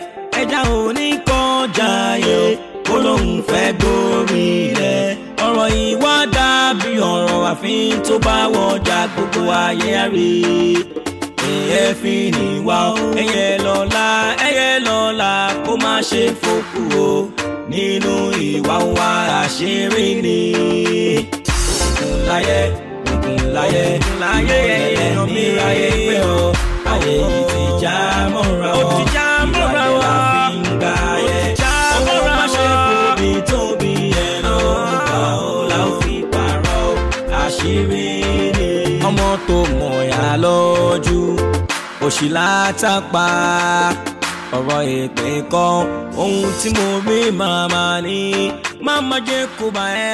ẹja ò ní kọjá yẹ kó lóun fẹ́ dórí rẹ̀ ọ̀rọ̀ ìwà dàbí ọ̀rọ̀ àfin tó bá wọjà gbogbo ayé rí ẹ fi níwá o. ẹyẹ lọ́la ẹyẹ lọ́la kó má ṣe fòkù o. nínú ìwà wa àṣírí ni. òkun láyé òkun láyé láyé ẹyẹ mi ráyé pé o. ayé yìí ti já mọ́ra o. ó ti já mọ́ra wa. ayé la fi ń gba ayé. ó o. la ó fi pààrọ̀ àṣírí ni. ọmọ tó mọ̀ yà lọ́jọ́ òṣìlá tápá ọ̀rọ̀ èpè kan ohun tí mo rí màmá ni, má má jẹ́ kó bá ẹ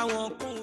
àwọn kan.